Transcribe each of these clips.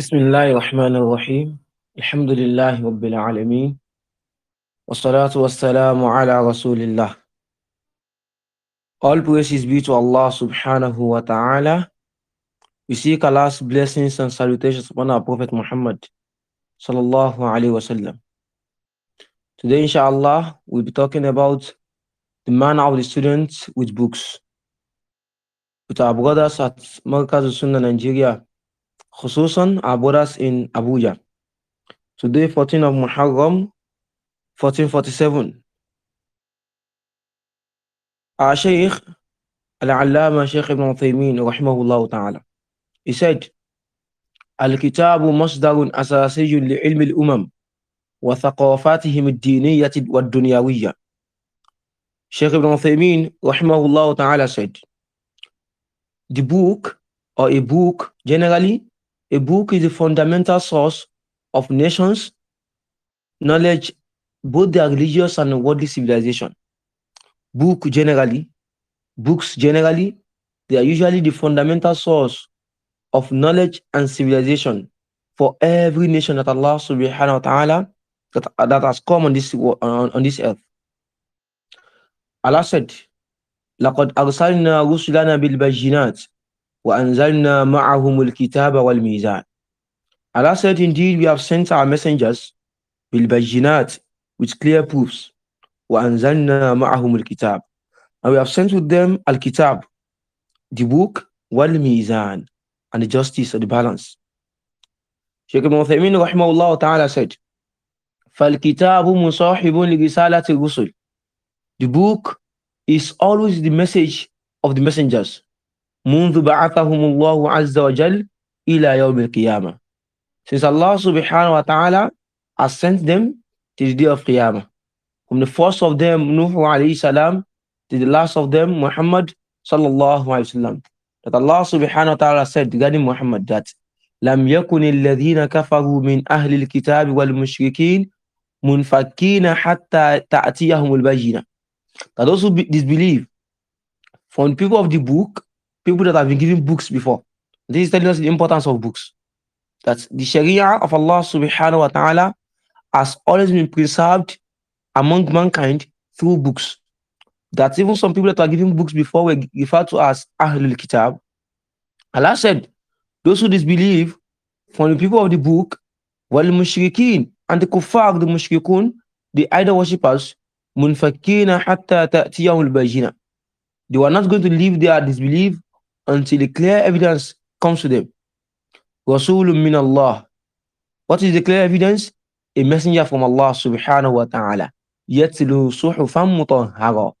بسم الله الرحمن الرحيم الحمد لله رب العالمين والصلاة والسلام على رسول الله All praises be to Allah subhanahu wa ta'ala. We seek Allah's blessings and salutations upon our Prophet Muhammad sallallahu alayhi wasallam. Today, inshallah, we'll be talking about the manner of the students with books. With our brothers at Markaz Sunnah Nigeria, Khususan our brothers in Abuja. Today, 14 of Muharram, 1447. Our Sheikh, Al-Allama Sheikh Ibn Uthaymeen, rahimahullah ta'ala, he said, الكتاب مصدر أساسي لعلم الأمم وثقافاتهم الدينية والدنيوية Sheikh Ibn Uthaymeen rahimahullah ta'ala said, the book or a book generally a book is the fundamental source of nations, knowledge, both their religious and worldly civilization. Book generally, books generally, they are usually the fundamental source of knowledge and civilization for every nation that Allah subhanahu wa ta'ala that, that has come on this on, on this earth. Allah said, لقد أرسلنا رسلنا بالبينات وأنزلنا معهم الكتاب والميزان. Allah said, Indeed, we have sent our messengers with with clear proofs. وأنزلنا معهم الكتاب. And we have sent with them الكتاب the book, والميزان and the justice, and the balance. Sheikh Ibn Uthaymin, الله تعالى said, فَالْكِتَابُ مُصَاحِبٌ لِرِسَالَةِ الرُّسُلِ The book is always the message of the messengers. منذ بعثهم الله عز وجل إلى يوم القيامة. Since Allah subhanahu wa ta'ala has sent them to the day of Qiyamah. From the first of them, Nuh alayhi salam, to the last of them, Muhammad sallallahu alayhi wa sallam. That Allah subhanahu wa ta'ala said regarding Muhammad that لم يكن الذين كفروا من أهل الكتاب والمشركين منفكين حتى تأتيهم البينة. That those who disbelieve from people of the book people that have been giving books before. This is telling us the importance of books. That the Sharia of Allah subhanahu wa ta'ala has always been preserved among mankind through books. That even some people that are giving books before were referred to as Ahlul Kitab. Allah said, Those who disbelieve from the people of the book, wal mushrikeen, and the kuffar, the mushrikun, the idol worshippers, munfakina hatta ta'tiyahul bajina. They were not going to leave their disbelief until the clear evidence comes to them. Rasulun min Allah. What is the clear evidence? A messenger from Allah subhanahu wa ta'ala. Yatlu suhufan mutahhara.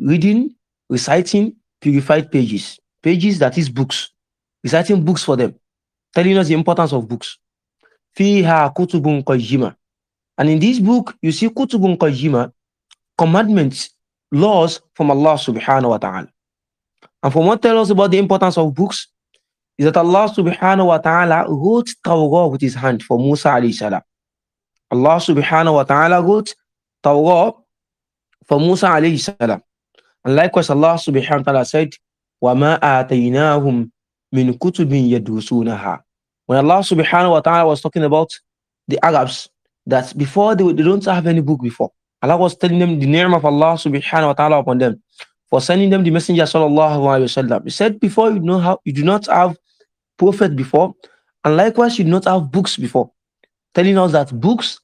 Reading, reciting purified pages. Pages that is books. Reciting books for them. Telling us the importance of books. Fiha kutubun qayyima. And in this book, you see kutubun kajima, commandments, laws from Allah subhanahu wa ta'ala. And from what tells us about the importance of books is that Allah subhanahu wa ta'ala wrote Tawrah with his hand for Musa alayhi salam. Allah subhanahu wa ta'ala wrote Tawrah for Musa alayhi salam. And likewise, Allah subhanahu wa ta'ala said, وَمَا آتَيْنَاهُمْ مِنْ كُتُبٍ يَدْرُسُونَهَا When Allah subhanahu wa ta'ala was talking about the Arabs, that before they, they don't have any book before. Allah was telling them the name of Allah subhanahu wa ta'ala upon them for sending them the messenger sallallahu alaihi wasallam. He said, before you know how you do not have prophet before, and likewise you do not have books before, telling us that books,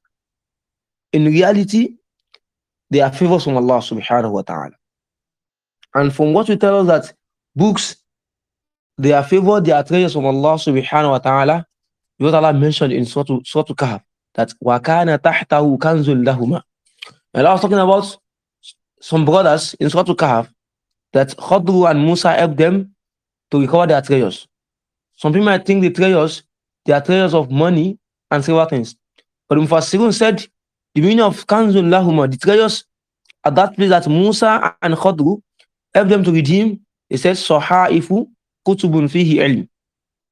in reality, they are favors from Allah subhanahu wa taala. And from what you tell us that books, they are favours, they are treasures from Allah subhanahu wa taala. What Allah mentioned in Surah Surah Kahf that wakana tahtahu kanzul lahuma. Allah was talking about some brothers in Surah kahf that Khadru and Musa helped them to recover their treasures. Some people might think the treasures, they are treasures of money and several things. But Mufassirun said, the meaning of Kanzun Lahuma, the treasures at that place that Musa and Khadru helped them to redeem, it says, Sahaifu Kutubun Fihi Ilm.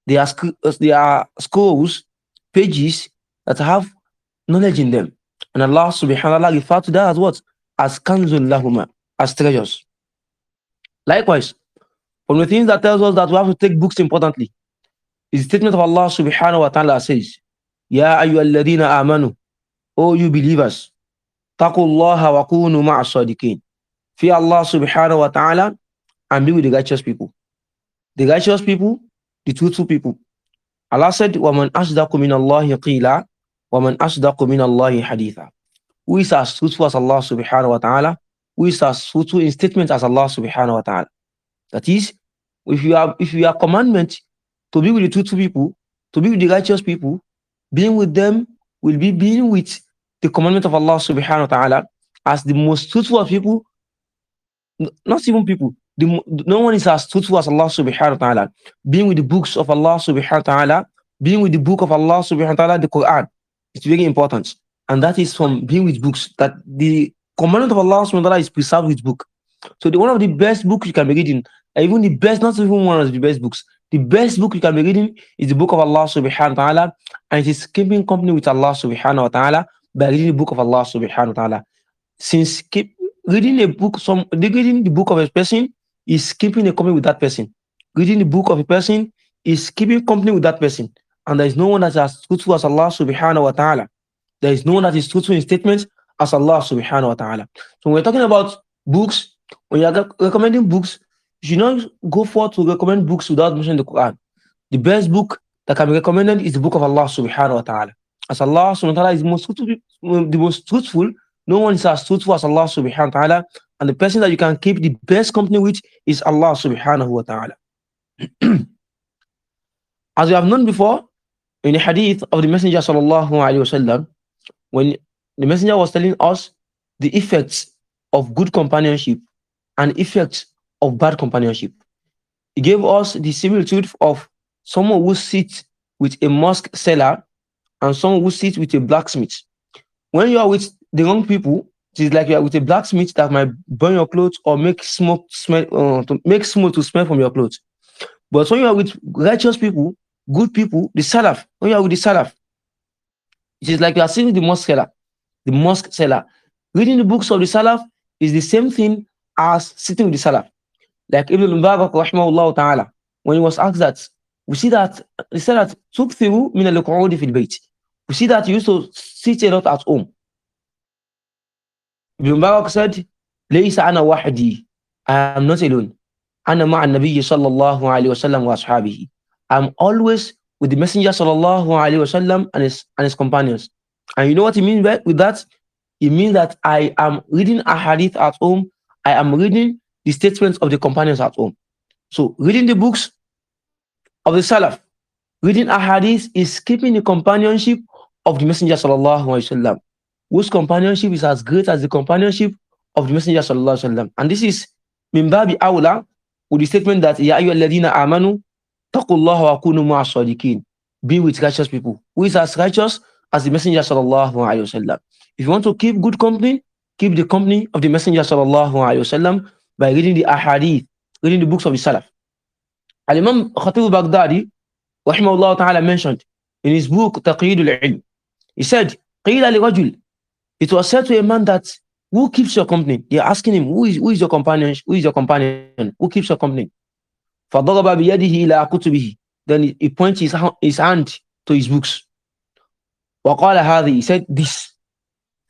They are, uh, they are scrolls, pages that have knowledge in them. And Allah subhanahu wa ta'ala referred to that as what? As Kanzun Lahuma, as treasures. Likewise, from the things that tells us that we have to take books importantly, is the statement of Allah subhanahu wa ta'ala says, Ya ayyuhalladhina amanu, O you believers, taqullaha wa kunu ma'as Fear Allah subhanahu wa ta'ala and be with the righteous people. The righteous people, the truthful people. Allah said, وَمَنْ أَصْدَقُ مِنَ اللَّهِ قِيلًا وَمَنْ أَصْدَقُ مِنَ اللَّهِ haditha. Who is as truthful as Allah subhanahu wa ta'ala who is are suitable in statement as Allah subhanahu wa ta'ala. That is, if you have if you have commandment to be with the truthful people, to be with the righteous people, being with them will be being with the commandment of Allah subhanahu wa ta'ala as the most truthful of people, not even people. The, no one is as truthful as Allah subhanahu wa ta'ala. Being with the books of Allah subhanahu wa ta'ala, being with the book of Allah subhanahu wa ta'ala, the Quran, it's very important. And that is from being with books that the commandment of Allah subhanahu is preserved with book. So the, one of the best books you can be reading, even the best, not even one of the best books, the best book you can be reading is the book of Allah subhanahu wa ta'ala, and it is keeping company with Allah subhanahu wa ta'ala by reading the book of Allah subhanahu wa ta'ala. Since keep reading a book, some reading the book of a person is keeping a company with that person. Reading the book of a person is keeping company with that person. And there is no one that is as truthful as Allah subhanahu wa ta'ala. There is no one that is truthful in statements as Allah subhanahu wa ta'ala. So when we're talking about books, when you're recommending books, you should not go forth to recommend books without mentioning the Quran. The best book that can be recommended is the book of Allah subhanahu wa ta'ala. As Allah subhanahu wa ta'ala is the most truthful, the most truthful, no one is as truthful as Allah subhanahu wa ta'ala. And the person that you can keep the best company with is Allah subhanahu wa ta'ala. as we have known before, in the hadith of the Messenger sallallahu alayhi wa sallam, when the messenger was telling us the effects of good companionship and effects of bad companionship. He gave us the similitude of someone who sits with a mosque seller and someone who sits with a blacksmith. When you are with the wrong people, it is like you are with a blacksmith that might burn your clothes or make smoke smell uh, to make smoke to smell from your clothes. But when you are with righteous people, good people, the salaf, when you are with the salaf, it is like you are sitting with the mosque seller the mosque seller. Reading the books of the Salaf is the same thing as sitting with the Salaf. Like Ibn Mubarak rahmahullah ta'ala, when he was asked that, we see that the Salaf took through min al al bayt. We see that he used to sit a lot at home. Ibn Mubarak said, ليس wa hadi, I am not alone. أنا مع النبي صلى wa sallam wa وأصحابه. I'm always with the Messenger صلى الله عليه وسلم and his, and his companions. And you know what it means with that? It means that I am reading a hadith at home. I am reading the statements of the companions at home. So reading the books of the Salaf, reading a hadith is keeping the companionship of the Messenger sallallahu alaihi wasallam, whose companionship is as great as the companionship of the Messenger sallallahu alaihi wasallam. And this is mimbabi awla with the statement that ya ayyuhalladhina amanu taqullaha wa kunu ma'as-sadiqin. Be with righteous people. Who is as righteous as the Messenger sallallahu alaihi wasallam. If you want to keep good company, keep the company of the Messenger sallallahu alaihi wasallam by reading the ahadith, reading the books of the Salaf. Al Imam Khatib Baghdadi, rahimahullah ta'ala, mentioned in his book Taqeedul Ilm, he said, "Qila rajul." It was said to a man that who keeps your company? He are asking him, who is, who is your companion? Who is your companion? Who keeps your company? فَضَرَبَ بِيَدِهِ إِلَىٰ كُتُبِهِ Then he points his, his hand to his books. وَقَالَ هَذِي He said this.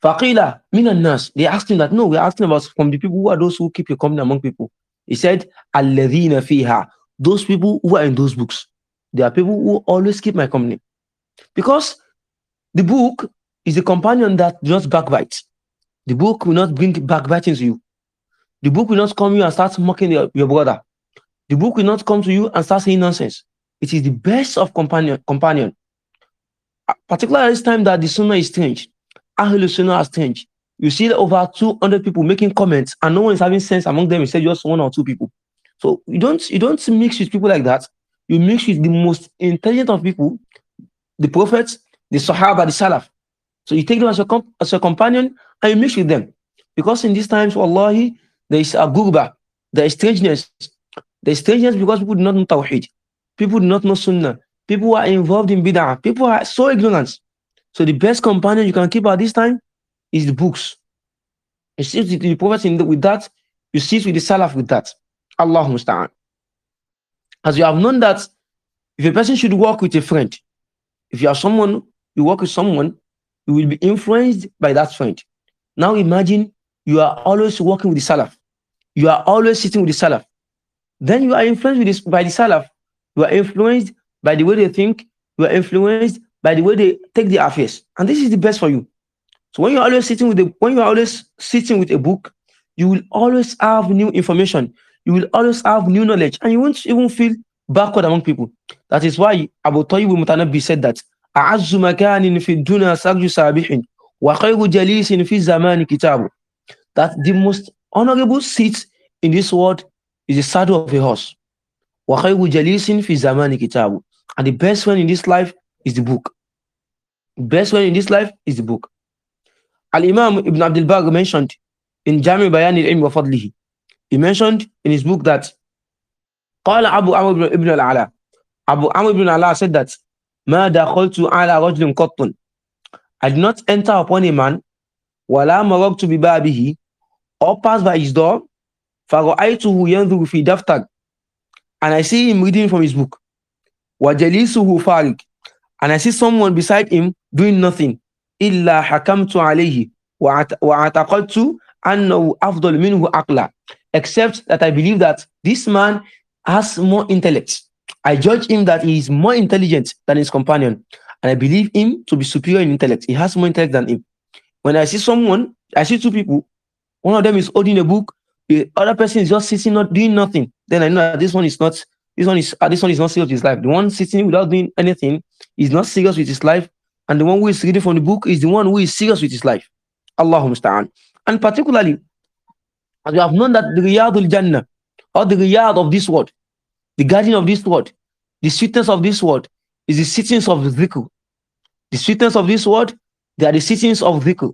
فَقِيلَ مِنَ nurse, They asked him that, no, we're asking about from the people who are those who keep your company among people. He said, الَّذِينَ فِيهَا Those people who are in those books. They are people who always keep my company. Because the book is a companion that does not backbite. The book will not bring backbiting to you. The book will not come to you and start mocking your, your brother. The book will not come to you and start saying nonsense. It is the best of companion. companion particularly this time that the sunnah is strange, Ahlul Sunnah are strange. You see over 200 people making comments and no one is having sense among them see just one or two people. So you don't you don't mix with people like that. You mix with the most intelligent of people, the prophets, the Sahaba, the Salaf. So you take them as your as companion and you mix with them. Because in these times, wallahi, there is a gurba, there is strangeness. There is strangeness because people do not know Tawheed. People do not know Sunnah. People who are involved in bid'ah, people are so ignorant. So the best companion you can keep at this time is the books. You sit with the prophets the, with that, you sit with the salaf with that. Allah musta'an. As you have known that if a person should work with a friend, if you are someone, you work with someone, you will be influenced by that friend. Now imagine you are always working with the salaf. You are always sitting with the salaf. Then you are influenced this, by the salaf. You are influenced by the way they think, you are influenced by the way they take their affairs. And this is the best for you. So when you're always sitting with the when you're always sitting with a book, you will always have new information. You will always have new knowledge, and you won't even feel backward among people. That is why Abu Tayyib Mutanabi said that أعز مكان في الدنيا سابح وخير جليس في كتاب that the most honorable seat in this world is the saddle of a horse وخير جليس في كتاب and the best friend in this life is the book. Best friend in this life is the book. Al Imam Ibn Abdul Bagh mentioned in Jami Bayan al wa Fadlihi, he mentioned in his book that قال أبو Amr بن al-Ala Abu Amr ibn al said that ما دخلت على رجل قط I did not enter upon a man ولا مررت ببابه or pass by his door فرأيته ينظر في دفتر and I see him reading from his book وَجَلِيسُهُ فَارِقٌ And I see someone beside him doing nothing. إِلَّا حَكَمْتُ عَلَيْهِ وَعَتَقَلْتُ أَنَّهُ أَفْضَلُ مِنْهُ أَقْلًا Except that I believe that this man has more intellect. I judge him that he is more intelligent than his companion. And I believe him to be superior in intellect. He has more intellect than him. When I see someone, I see two people. One of them is holding a book. The other person is just sitting, not doing nothing. Then I know that this one is not this one is uh, this one is not serious with his life. The one sitting without doing anything is not serious with his life, and the one who is reading from the book is the one who is serious with his life. Allahumma stand. And particularly, as we have known that the Riyadul jannah or the riyad of this world, the garden of this world, the sweetness of this world is the sittings of Zikr. The sweetness of this world, they are the sittings of Zikr.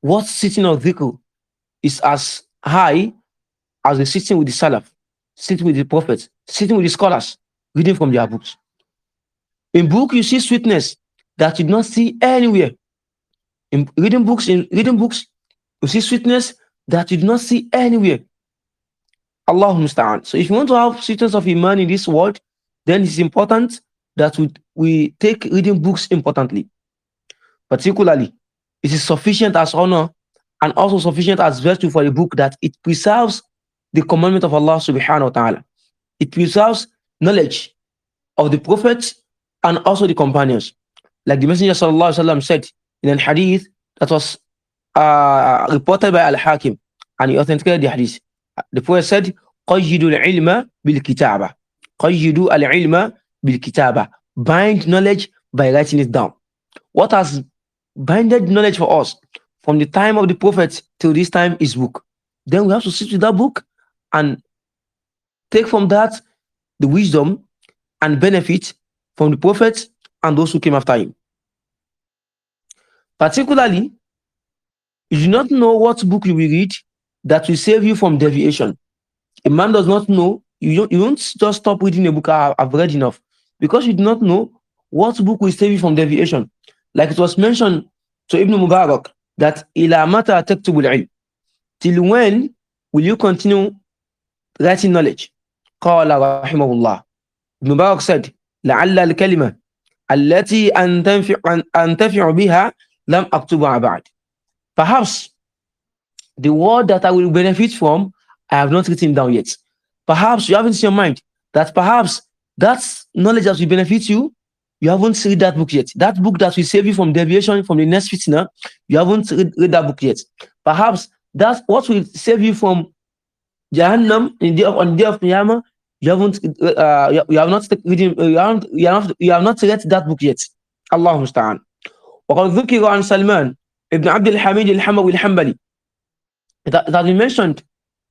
What sitting of Zikr is as high as the sitting with the salaf sitting with the prophets, sitting with the scholars, reading from their books. In book, you see sweetness that you do not see anywhere. In reading books, in reading books, you see sweetness that you do not see anywhere. Allah musta'an. So if you want to have sweetness of iman in this world, then it's important that we, we take reading books importantly. Particularly, it is sufficient as honor and also sufficient as virtue for a book that it preserves the commandment of Allah subhanahu wa ta'ala. It preserves knowledge of the prophets and also the companions. Like the Messenger sallallahu alayhi said in an hadith that was uh, reported by Al-Hakim and he authenticated the hadith. The prophet said, قَيِّدُ الْعِلْمَ بِالْكِتَابَ قَيِّدُ الْعِلْمَ بِالْكِتَابَ Bind knowledge by writing it down. What has binded knowledge for us from the time of the prophets till this time is book. Then we have to sit with that book and take from that the wisdom and benefit from the prophet and those who came after him. Particularly, you do not know what book you will read that will save you from deviation. A man does not know, you don't, you don't just stop reading a book, I, ah, I've read enough, because you do not know what book will save you from deviation. Like it was mentioned to Ibn Mubarak that Till when will you continue that in knowledge. Qala rahimahullah. Ibn Mubarak said, لعل الكلمة التي أنتفع, أنتفع بها لم أكتبها بعد. Perhaps the word that I will benefit from, I have not written down yet. Perhaps you haven't in your mind that perhaps that knowledge that will benefit you, you haven't read that book yet. That book that will save you from deviation from the next fitna, you haven't read, read that book yet. Perhaps that's what will save you from Jahannam in the, on the day of Qiyamah, you haven't uh, you, have not reading you haven't you have not you have not read that book yet. Allah musta'an. وقد ذكر عن سلمان ابن عبد الحميد الحموي الحنبلي that, that we mentioned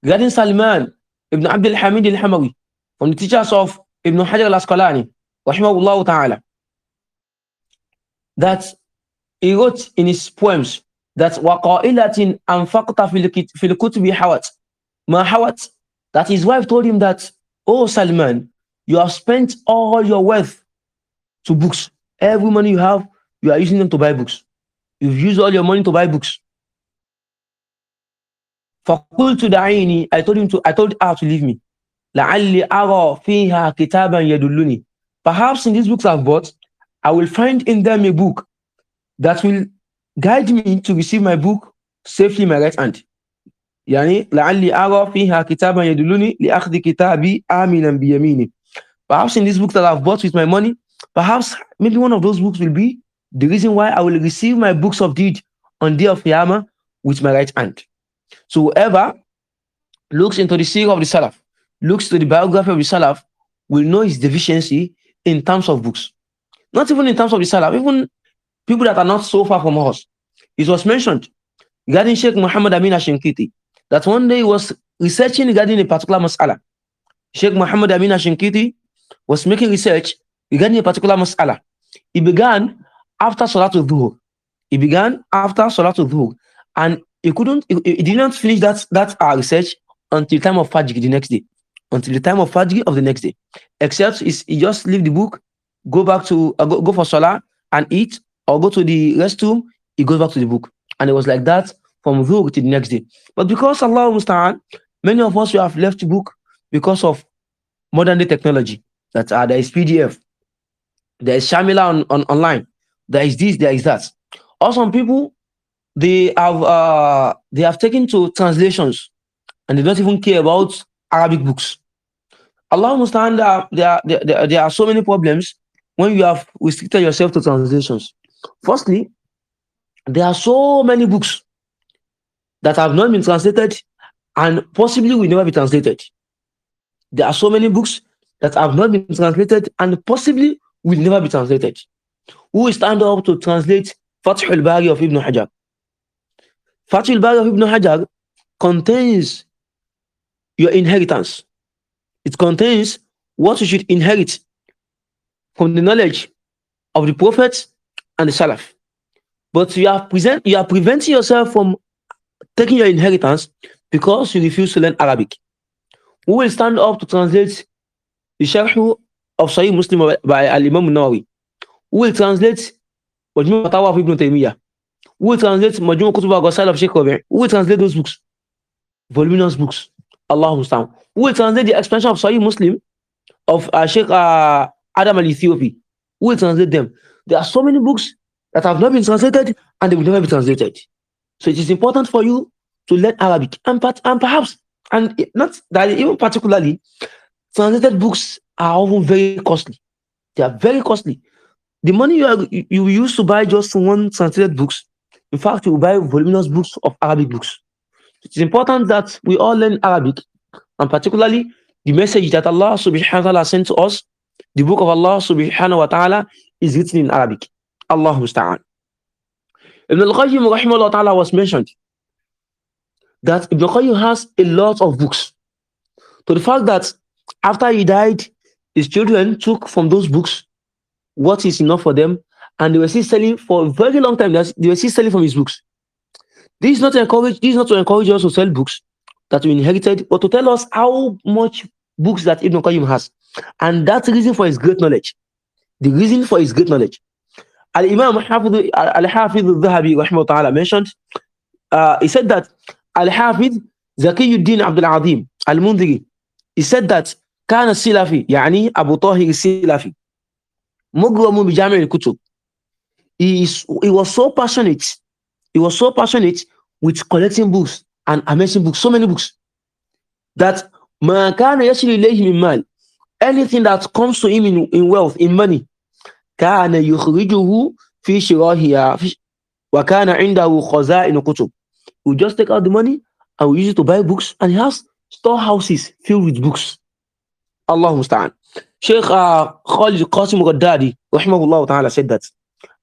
regarding Salman ibn Abdul hamid al-Hamawi from the teachers of Ibn Hajar al-Asqalani rahimahullah ta'ala that he wrote in his poems that وَقَائِلَةٍ أَنْفَقْتَ فِي الْكُتُبِ حَوَتْ Mahawat, that his wife told him that, Oh Salman, you have spent all your wealth to books. Every money you have, you are using them to buy books. You've used all your money to buy books. فَقُلْتُ دَعِينِي I told him to, I told her to leave me. لَعَلِّ أَرَى فِيهَا كِتَابًا يَدُلُّنِي Perhaps in these books I've bought, I will find in them a book that will guide me to receive my book safely in my right hand. Yani لعلي أرى فيها كتابا يدلني لأخذ كتابي آمنا بيميني. Perhaps in this book that I've bought with my money, perhaps maybe one of those books will be the reason why I will receive my books of deed on day of Qiyamah with my right hand. So whoever looks into the seal of the Salaf, looks to the biography of the Salaf, will know his deficiency in terms of books. Not even in terms of the Salaf, even people that are not so far from us. It was mentioned regarding Sheikh Muhammad Amin Ashinkiti that one day was researching regarding a particular mas'ala. Sheikh Muhammad Amin Ashinkiti was making research regarding a particular mas'ala. It began after Salatul Dhuhr. It began after Salatul Dhuhr. And he couldn't, he, he did not finish that, that uh, research until time of Fajr the next day. Until the time of Fajr of the next day. Except he just leave the book, go back to, uh, go, go for Salah and eat, or go to the restroom, he goes back to the book. And it was like that from dhuhr to the next day. But because Allah musta'an, many of us we have left book because of modern day technology. That uh, there is PDF, there is Shamila on, on online, there is this, there is that. Or some people they have uh, they have taken to translations and they don't even care about Arabic books. Allah understand that there, there, there are so many problems when you have restricted yourself to translations. Firstly, there are so many books that have not been translated and possibly will never be translated. There are so many books that have not been translated and possibly will never be translated. Who will stand up to translate Fatih al-Bari of Ibn Hajar? Fatih al-Bari of Ibn Hajar contains your inheritance. It contains what you should inherit from the knowledge of the prophets and the Salaf. But you are present, you are preventing yourself from taking your inheritance because you refuse to learn Arabic. Who will stand up to translate the Sharh of Sahih Muslim by Al Imam Nawawi? Who will translate Majmu' Fatawa Ibn Taymiyyah? Who will translate Majmu' Kutub al-Ghasal of Sheikh Who will translate those books? Voluminous books. Allah Mustam. Who will translate the expansion of Sahih Muslim of uh, Sheikh uh, Adam al-Ethiopi? Who will translate them? There are so many books that have not been translated and they will never be translated. So it is important for you to learn Arabic and, and perhaps, and not that even particularly, translated books are often very costly. They are very costly. The money you, are, you, you to buy just one translated books, in fact, you buy voluminous books of Arabic books. It is important that we all learn Arabic and particularly the message that Allah subhanahu wa ta'ala sent to us, the book of Allah subhanahu wa ta'ala is written in Arabic. Allah musta'an. Ibn al-Qayyim rahimahullah ta'ala was mentioned that Ibn al-Qayyim has a lot of books. To the fact that after he died, his children took from those books what is enough for them and they were still selling for a very long time. They were still selling from his books. This is not to encourage, this is not to encourage us to sell books that we inherited, but to tell us how much books that Ibn Qayyim has. And that's the reason for his great knowledge. The reason for his great knowledge. Al Imam Al Hafiz Al Zahabi mentioned, uh, he said that Al Hafiz Zakiyuddin Abdul Azim Al Mundiri, he said that كان السلفي يعني أبو طاهر السلفي مغرم بجامع الكتب he, is, he was so passionate he was so passionate with collecting books and amassing books so many books that ما كان يصل إليه من مال anything that comes to him in, in wealth in money كان يخرجه في شراهها وكان عنده خزائن كتب we just take out the money and we use it to buy books and he has storehouses filled with books الله المستعان شيخ خالد قاسم غدادي رحمه الله تعالى said that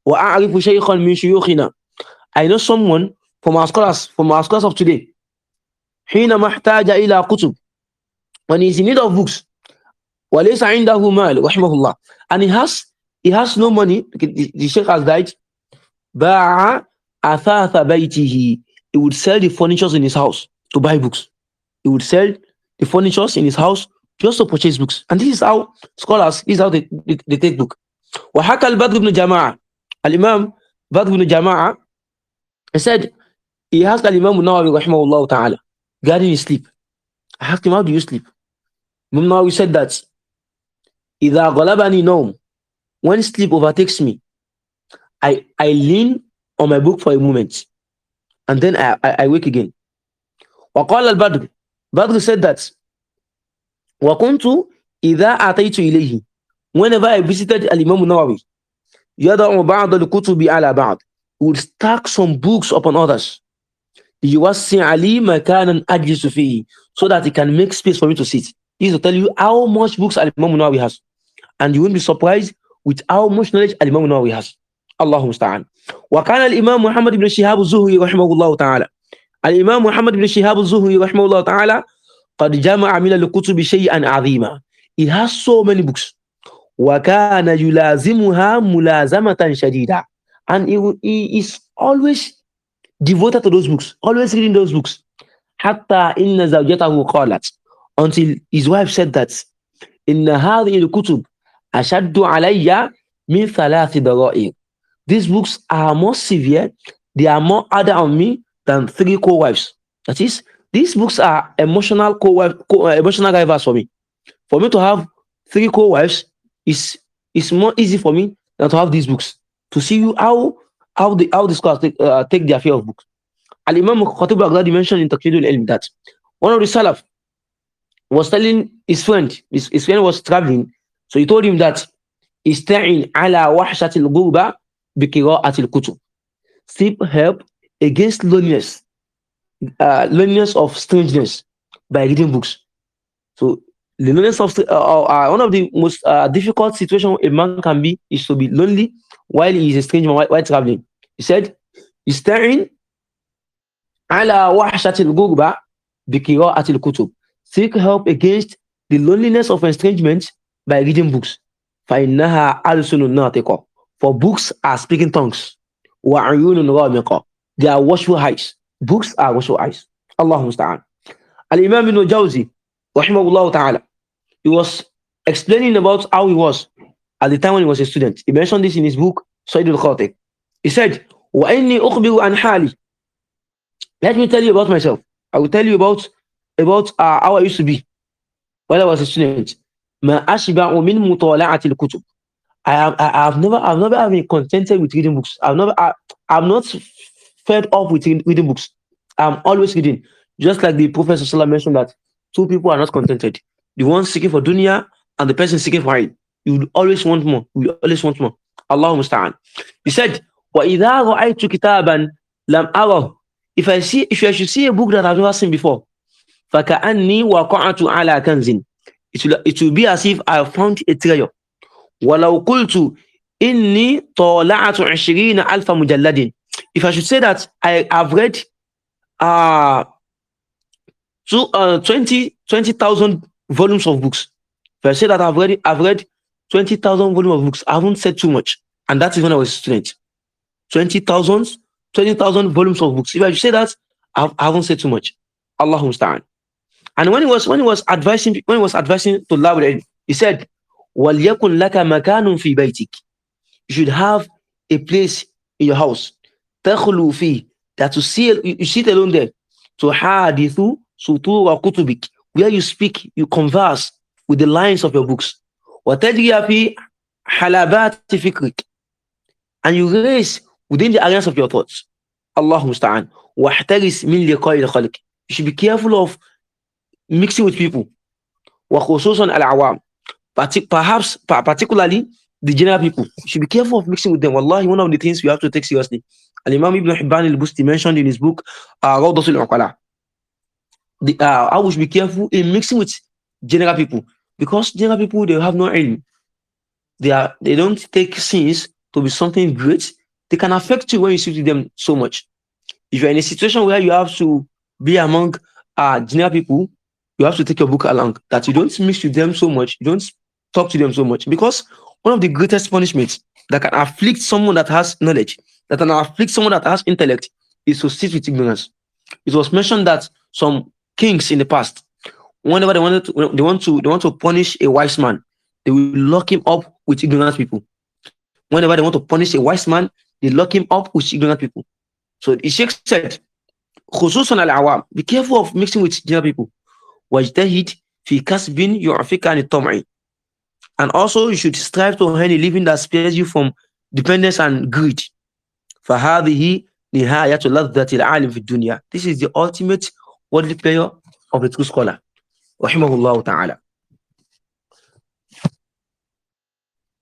وأعرف شيخا من شيوخنا I know someone from our class from our class of today حينما احتاج إلى كتب when he is in need of books وليس عنده مال رحمه الله and he has He has no money. The, the sheikh has died. after athatha baytihi. He would sell the furnitures in his house to buy books. He would sell the furnitures in his house just to purchase books. And this is how scholars, this is how they, they, they take book. وحكى Jama'a, بن Imam الإمام بدر بن جماعة he said he asked الإمام النووي رحمه الله تعالى regarding his sleep I asked him how do you sleep Imam Nawawi said that إذا غلبني نوم when sleep overtakes me, I, I lean on my book for a moment and then I, I, I wake again. وقال al-Badr. Badr said that وَكُنْتُ إِذَا أَتَيْتُ إِلَيْهِ Whenever I visited Al-Imam Nawawi, يَدَعُ بَعْضَ الْكُتُبِ عَلَى بَعْض He would stack some books upon others. يوسع علي مكانا أجلس فيه so that he can make space for me to sit. This to tell you how much books Al-Imam Nawawi has. And you won't be surprised with how much knowledge Imam Nawawi has. Allahu musta'an. وكان الإمام محمد بن شهاب الزهري رحمه الله تعالى الإمام محمد بن شهاب الزهري رحمه الله تعالى قد جمع من الكتب شيئا عظيما. He has so many books. وكان يلازمها ملازمة شديدة. And he, he is always devoted to those books, always reading those books. حتى إن زوجته قالت until his wife said that إن هذه الكتب ashaddu alayya min thalathi dara'iq. These books are more severe, they are more harder on me than three co-wives. That is, these books are emotional co, co uh, emotional givers for me. For me to have three co-wives is is more easy for me than to have these books. To see you how how the how the scholars take, uh, take their fear of books. Al Imam Khatib Baghdadi mentioned in Taqlidul Ilm that one of the Salaf was telling his friend, his, his friend was traveling so he told him that Ista'in ala wahshatil ghurba biqira'atil kutub. Seek help against loneliness, uh, loneliness of strangeness by reading books. So the loneliness of uh, uh, uh one of the most uh, difficult situation a man can be is to be lonely while he is a stranger while, while traveling. He said, Ista'in ala wahshatil ghurba biqira'atil kutub. Seek help against the loneliness of estrangement by reading books. فإنها ألسن ناطقة For books are speaking tongues. وعيون رامقة They are watchful eyes. Books are watchful eyes. Allah musta'an. Al-Imam ibn Jawzi, rahimahullah ta'ala, he was explaining about how he was at the time when he was a student. He mentioned this in his book, Sayyid al-Khatib. He said, وَإِنِّي أُخْبِرُ عَنْ حَالِي Let me tell you about myself. I will tell you about, about uh, how I used to be when I was a student. I have, I have never, I've never been contented with reading books. I've never, I, am not fed up with reading books. I'm always reading. Just like the Prophet Sallallahu mentioned that two people are not contented. The one seeking for dunya and the person seeking for it. You always want more. You always want more. Allah musta'an. He said, وَإِذَا رَأَيْتُ كِتَابًا لَمْ أَرَهُ If I see, if I should see a book that I've never seen before, فَكَأَنِّي وَقَعَتُ عَلَى كَنْزٍ it will, it will be as if I have found a treasure. وَلَوْ قُلْتُ إِنِّي طَالَعَتُ عِشْرِينَ أَلْفَ مُجَلَّدٍ If I should say that I have read uh, two, uh, 20,000 20, volumes of books, if I say that I've read, I've read 20,000 volumes of books, I haven't said too much. And that is when I was a student. 20,000 20, volumes of books. If I should say that, i I have not said too much. Allahumma sta'an. And when he was when he was advising when he was advising to Lawrence, he said, "Waliyakun laka makanun fi baitik. You should have a place in your house. Takhlu fi that you see you sit alone there. To hadithu sutura kutubik, where you speak, you converse with the lines of your books. Watajriya halabat fikrik. And you race within the areas of your thoughts. Allahu musta'an. Wahtaris min liqa'i You should be careful of mixing with people. perhaps particularly the general people you should be careful of mixing with them wallahi one of the things we have to take seriously al-imam ibn hibban al-busti mentioned in his book uh, the, uh, I would be careful in mixing with general people because general people they have no aim. they are they don't take sins to be something great they can affect you when you sit with them so much if you're in a situation where you have to be among uh, general people you have to take your book along that you don't mix with them so much, you don't talk to them so much. Because one of the greatest punishments that can afflict someone that has knowledge, that can afflict someone that has intellect, is to sit with ignorance. It was mentioned that some kings in the past, whenever they wanted to, they want to, they want to punish a wise man, they will lock him up with ignorant people. Whenever they want to punish a wise man, they lock him up with ignorant people. So the Sheikh said, awam be careful of mixing with ignorant people wajtahid fi kasbin yu'fika an tam'i. And also you should strive to earn a living that spares you from dependence and greed. فَهَذِهِ نِهَايَةُ لَذَّةِ الْعَالِمِ فِي dunya. This is the ultimate worldly pleasure of the true scholar. Rahimahullah ta'ala.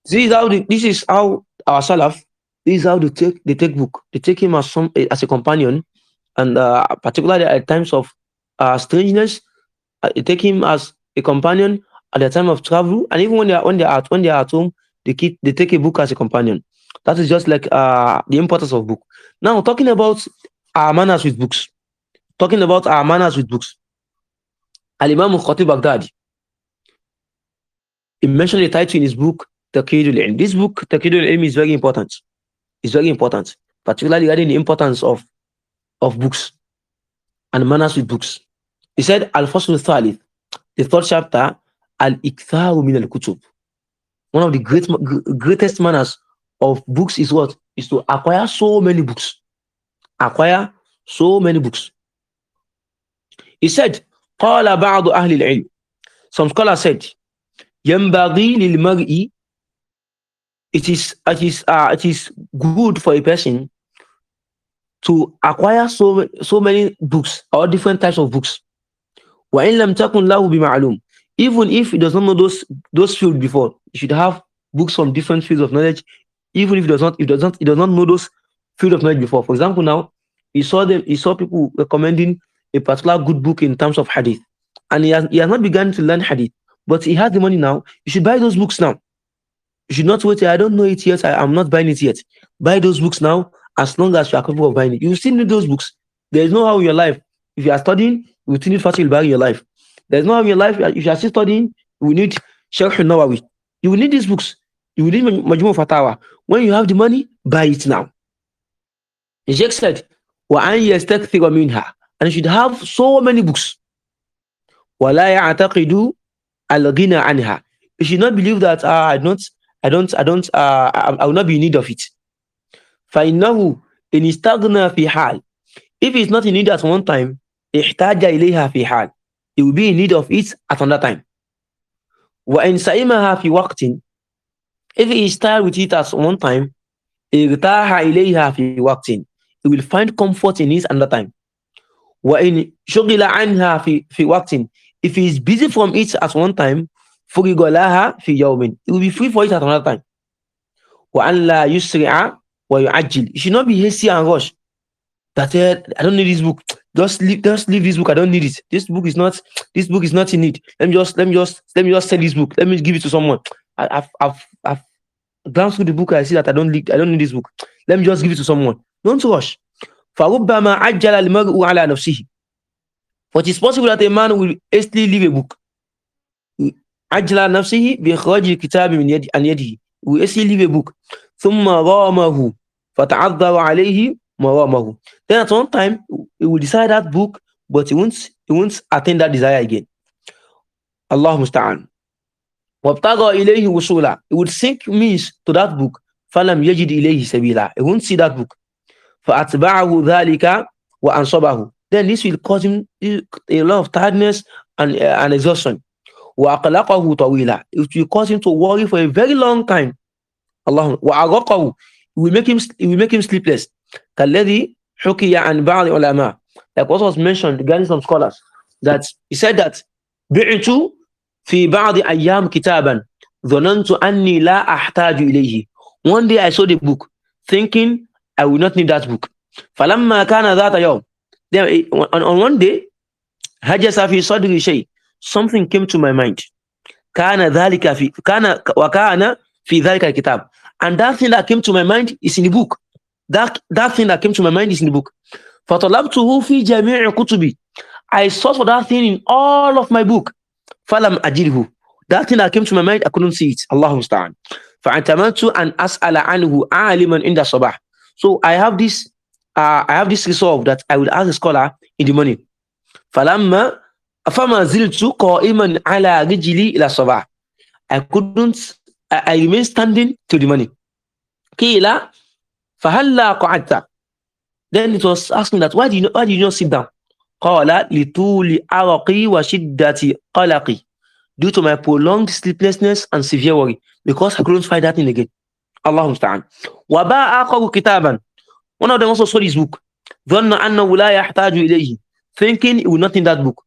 This is how the, this is how our salaf this is how they take the take book. They take him as some as a companion, and uh, particularly at times of uh, strangeness, uh, take him as a companion at the time of travel, and even when they are when they are at when they are at home, they keep they take a book as a companion. That is just like uh, the importance of book. Now talking about our manners with books, talking about our manners with books. Al Imam Khatib Baghdadi. He mentioned the title in his book Taqidul Ilm. This book Taqidul Ilm is very important. It's very important, particularly regarding the importance of of books and manners with books. He said, Al Fasul Thalith, the third chapter, Al Iktharu min al Kutub. One of the great, greatest manners of books is what? Is to acquire so many books. Acquire so many books. He said, قال بعض أهل العلم Some scholars said, ينبغي للمرء it is it is uh, it is good for a person to acquire so so many books or different types of books وَإِنْ لَمْ تَكُنْ لَهُ بِمَعْلُومٍ Even if he does not know those, those fields before, he should have books from different fields of knowledge, even if he does not, he does not, he does not know those fields of knowledge before. For example, now he saw them, he saw people recommending a particular good book in terms of hadith, and he has, he has not begun to learn hadith, but he has the money now. You should buy those books now. You should not wait. I don't know it yet. I am not buying it yet. Buy those books now. As long as you are capable of buying it, you still need those books. There is no how in your life if you are studying, you still need to buy in your life. There's no in your life. If you are still studying, you need Sheikh Nawawi. You will need these books. You will need Majmu Fatawa. When you have the money, buy it now. Jake said, وَأَنْ يَسْتَكْثِرَ مِنْهَا And you should have so many books. وَلَا يَعْتَقِدُ الْغِنَى عَنْهَا You should not believe that uh, I don't, I don't, I don't, uh, I, I will not be in need of it. فَإِنَّهُ إِنْ إِسْتَغْنَى فِي حَالٍ If he's not in need at one time, ihtaja ilayha fi hal. He will be in need of it at another time. Wa in sa'imaha fi in? If he is tired with it at one time, He will find comfort in it another time. Wa in shughila has fi, fi If he is busy from it at one time, furigolaha fi yawmin. He will be free for it at another time. Wa say? la you are yu'ajjil. He should not be hasty and rush. That uh, I don't need this book. Just leave, just leave this book. I don't need it. This book is not. This book is not in need. Let me just, let me just, let me just sell this book. Let me give it to someone. I, have I've, I've glanced through the book. I see that I don't need, I don't need this book. Let me just give it to someone. Don't rush. فَرُبَّمَا عَجَّلَ الْمَرْءُ عَلَى نَفْسِهِ But it's possible that a man will hastily leave a book. Ajla nafsihi عَجَّلَ نَفْسِهِ بِإِخْرَاجِ الْكِتَابِ مِنْ يَدِهِ Will hastily leave a book. Thumma رَامَهُ فَتَعَذَّرَ alayhi. Then at one time he will desire that book, but he won't he won't attain that desire again. Allah musta'an. وَابْتَغَى إِلَيْهِ وُصُولًا He would sink means to that book. فَلَمْ يَجِدْ إِلَيْهِ سَبِيلًا He won't see that book. فَأَتْبَعَهُ ذَلِكَ وَأَنْصَبَهُ Then this will cause him a lot of tiredness and, uh, and exhaustion. It will cause him to worry for a very long time. Allah will make him, it will make him sleepless. Kaledi Hukiya and Ba'al olama, Like what was mentioned regarding some scholars, that he said that One day I saw the book thinking I will not need that book. فَلَمَّا كَانَ ذَاتَ يَوْمٍ Then on, on one day, هَجَسَ فِي صَدْرِ شَيْءٍ Something came to my mind. كَانَ ذَلِكَ فِي كَانَ وَكَانَ فِي ذَلِكَ الْكِتَابِ And that thing that came to my mind is in the book. That, that thing that came to my mind is in the book. فَطَلَبْتُهُ فِي جَمِيعِ كُتُبِي I sought for that thing in all of my book. فَلَمْ أَجِدْهُ That thing that came to my mind, I couldn't see it. Allahu musta'an. فَأَتَمَنْتُ أَنْ أَسْأَلَ عَنْهُ عَالِمًا عِنْدَ الصَّبَاحِ So I have this uh, I have this resolve that I will ask a scholar in the morning. فَلَمَّا فَمَا زِلْتُ قَائِمًا عَلَى رِجِلِي إِلَى الصَّبَاحِ I couldn't I, remain standing till the morning. قِيلَ then it was asking that, why do you, why do you not sit down? Qala lituli araqi wa shiddati qalaqi. Due to my prolonged sleeplessness and severe worry. Because I couldn't find that thing again. Allah musta'an. Wa ba'aqahu kitaban. One of them also saw his book. Thinking he would not need that book.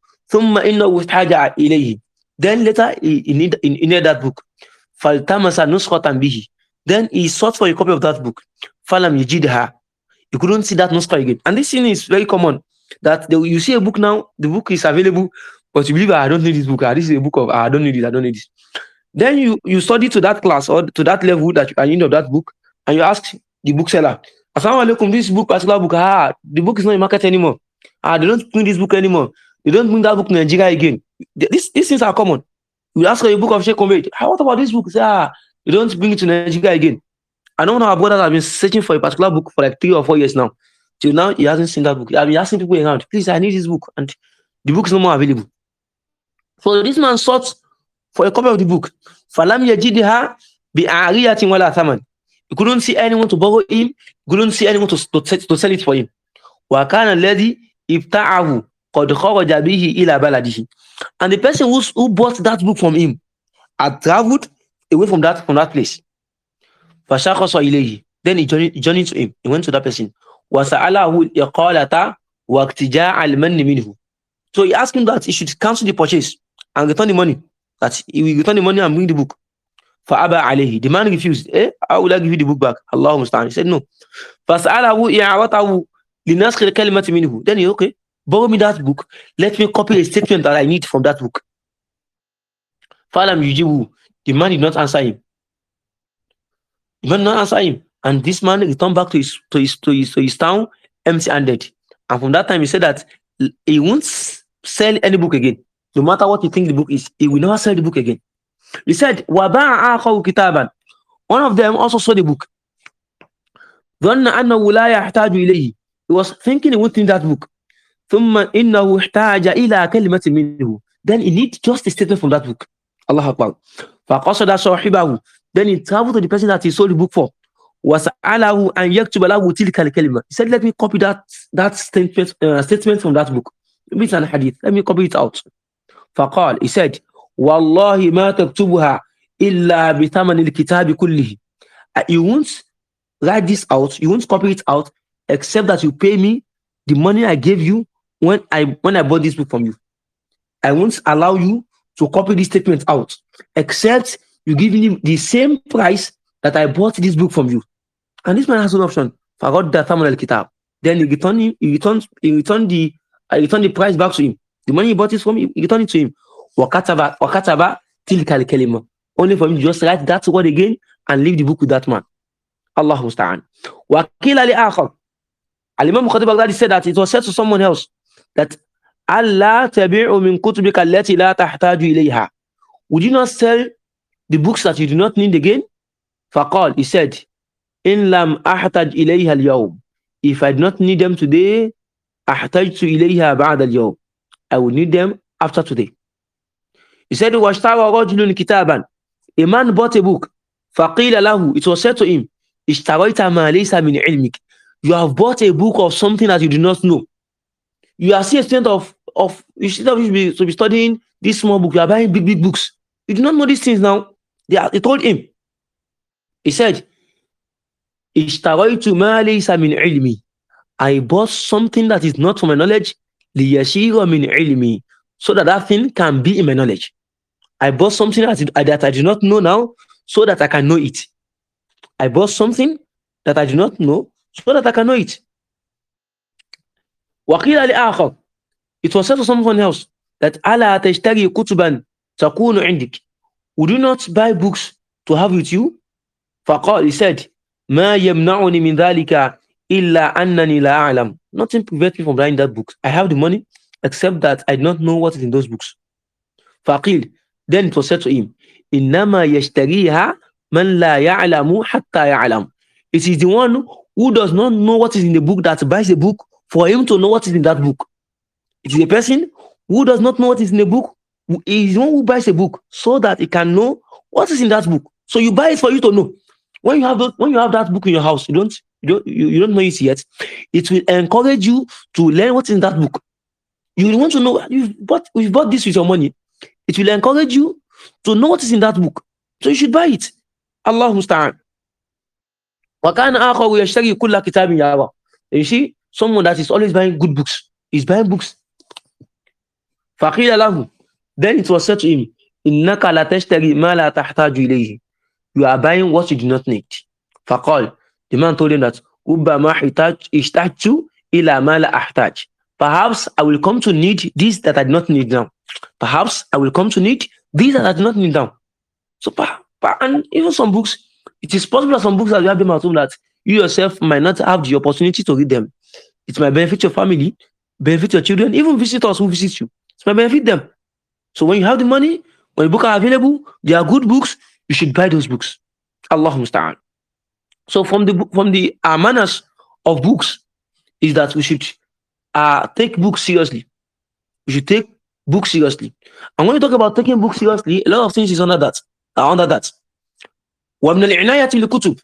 Then later he, he, need, that book. Then he sought for a copy of that book. Falam Yajidha. You couldn't see that Nuska again. And this thing is very common that you see a book now, the book is available, but you believe, ah, I don't need this book. Ah, this is a book of, ah, I don't need this, I don't need this. Then you, you study to that class or to that level that you are in of that book, and you ask the bookseller, Assalamu alaikum, this book, particular book, ah, the book is not in market anymore. Ah, they don't bring this book anymore. They don't bring that book in Nigeria again. These, these things are common. You ask for a book of Sheikh Omid, ah, what about this book? Say, ah, you don't bring it to Nigeria again. I know about that. i have been searching for a particular book for like three or four years now. Till now, he hasn't seen that book. I've been asking people around, please, I need this book. And the book is no more available. So this man sought for a copy of the book. Falam yajidiha bi'ariyatin wala thaman. He couldn't see anyone to borrow him. couldn't see anyone to, to, to sell it for him. وَكَانَ الَّذِي إِبْتَعَهُ قَدْ خَرَجَ And the person who, who bought that book from him had traveled away from that, from that place. Then he journeyed, to him. He went to that person. So he asked him that he should cancel the purchase and return the money. That he will return the money and bring the book. فَأَبَى عَلَيْهِ The man refused. Eh, I will give you the book back. Allah musta'an. He said no. فَسَأَلَهُ إِعَوَتَهُ لِنَسْخِ الْكَلِمَةِ مِنْهُ Then he, okay, borrow me that book. Let me copy a statement that I need from that book. The man did not answer him. Even not answer him. And this man returned back to his to his to his, to his town empty-handed. And from that time, he said that he won't sell any book again. No matter what you think the book is, he will never sell the book again. He said, kitaban. One of them also saw the book. He was thinking he would think that book. Then he needs just a statement from that book. Allah Akbar. Then he traveled to the person that he sold the book for. Was alahu and yaktubalahu tilkal kalima. He said, Let me copy that that statement, uh, statement from that book. It's an hadith. Let me copy it out. Faqal, he said, Wallahi ma taktubuha illa bithamanil kitabi kullihi. Uh, you won't write this out, you won't copy it out, except that you pay me the money I gave you when I when I bought this book from you. I won't allow you to copy this statement out, except you're giving him the same price that I bought this book from you. And this man has an option. Forgot the Thamal Kitab. Then you return him, you return, you return the I return the price back to him. The money he bought it from him, you return it to him. Wakataba, wakataba, kalima. Only for him to just write that word again and leave the book with that man. Allah musta'an. Wakil Ali Akhar. Al-Imam Khatib Baghdadi said that it was said to someone else that Allah tabi'u min kutubika allati la tahtaju ilayha. Would you not sell the books that you do not need again? Faqal, he said, In lam ahtaj ilayha al If I do not need them today, to ilayha ba'da al I will need them after today. He said, Washtawa rajulun kitaban. A man bought a book. Faqila lahu. It was said to him, Ishtawaita ma laysa min ilmik. You have bought a book of something that you do not know. You are seeing a student of, of you should be, be studying this small book. You are buying big, big books. You do not know these things now. They, he told him, he said, Ishtaraitu ma laysa min ilmi. I bought something that is not from my knowledge, liyashira min ilmi, so that that thing can be in my knowledge. I bought something that, that I do not know now, so that I can know it. I bought something that I do not know, so that I can know it. وقيل لآخر It was said to someone else that ألا تشتري كتبا تكون عندك would you not buy books to have with you? Faqal, he said, Ma yamna'uni min dhalika illa annani la a'lam. Nothing prevents me from buying that book. I have the money, except that I do not know what is in those books. Faqil, then it was said to him, Innama yashtariha man la ya'lamu hatta ya'lam. It is the one who does not know what is in the book that buys the book for him to know what is in that book. It is a person who does not know what is in the book is one who buys a book so that he can know what is in that book. So you buy it for you to know. When you have those, when you have that book in your house, you don't you don't you, you don't know it yet. It will encourage you to learn what's in that book. You want to know you've bought you've bought this with your money. It will encourage you to know what is in that book. So you should buy it. Allah You see, someone that is always buying good books, is buying books. فَقِيلَ لَهُ then it was said to him, Innaka la tashtari ma la tahtaju ilayhi. You are buying what you do not need. Faqal. The man told him that, "Ubama ishtaju ila ma la ahtaj. Perhaps I will come to need these that I do not need now. Perhaps I will come to need these that I do not need now. So, and even some books, it is possible that some books that you have them at home that you yourself might not have the opportunity to read them. It might benefit your family, benefit your children, even visitors who visit you. It might benefit them. So when you have the money, when books are available, they are good books, you should buy those books. Allah musta'an. So from the from the amanas of books is that we should uh, take books seriously. We should take books seriously. And when you talk about taking books seriously, a lot of things is under that. under that. ومن العناية بالكتب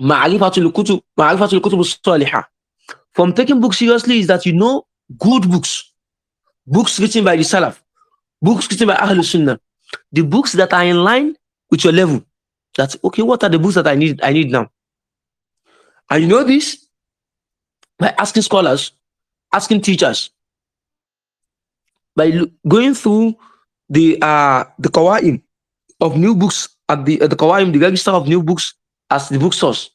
معرفة الكتب معرفة الكتب الصالحة From taking books seriously is that you know good books, books written by the Salaf, Books written by Ahlul Sunnah. The books that are in line with your level. That's okay, what are the books that I need I need now? And you know this by asking scholars, asking teachers, by going through the uh the kawaim of new books at the at uh, the kawaim, the register of new books as the book source.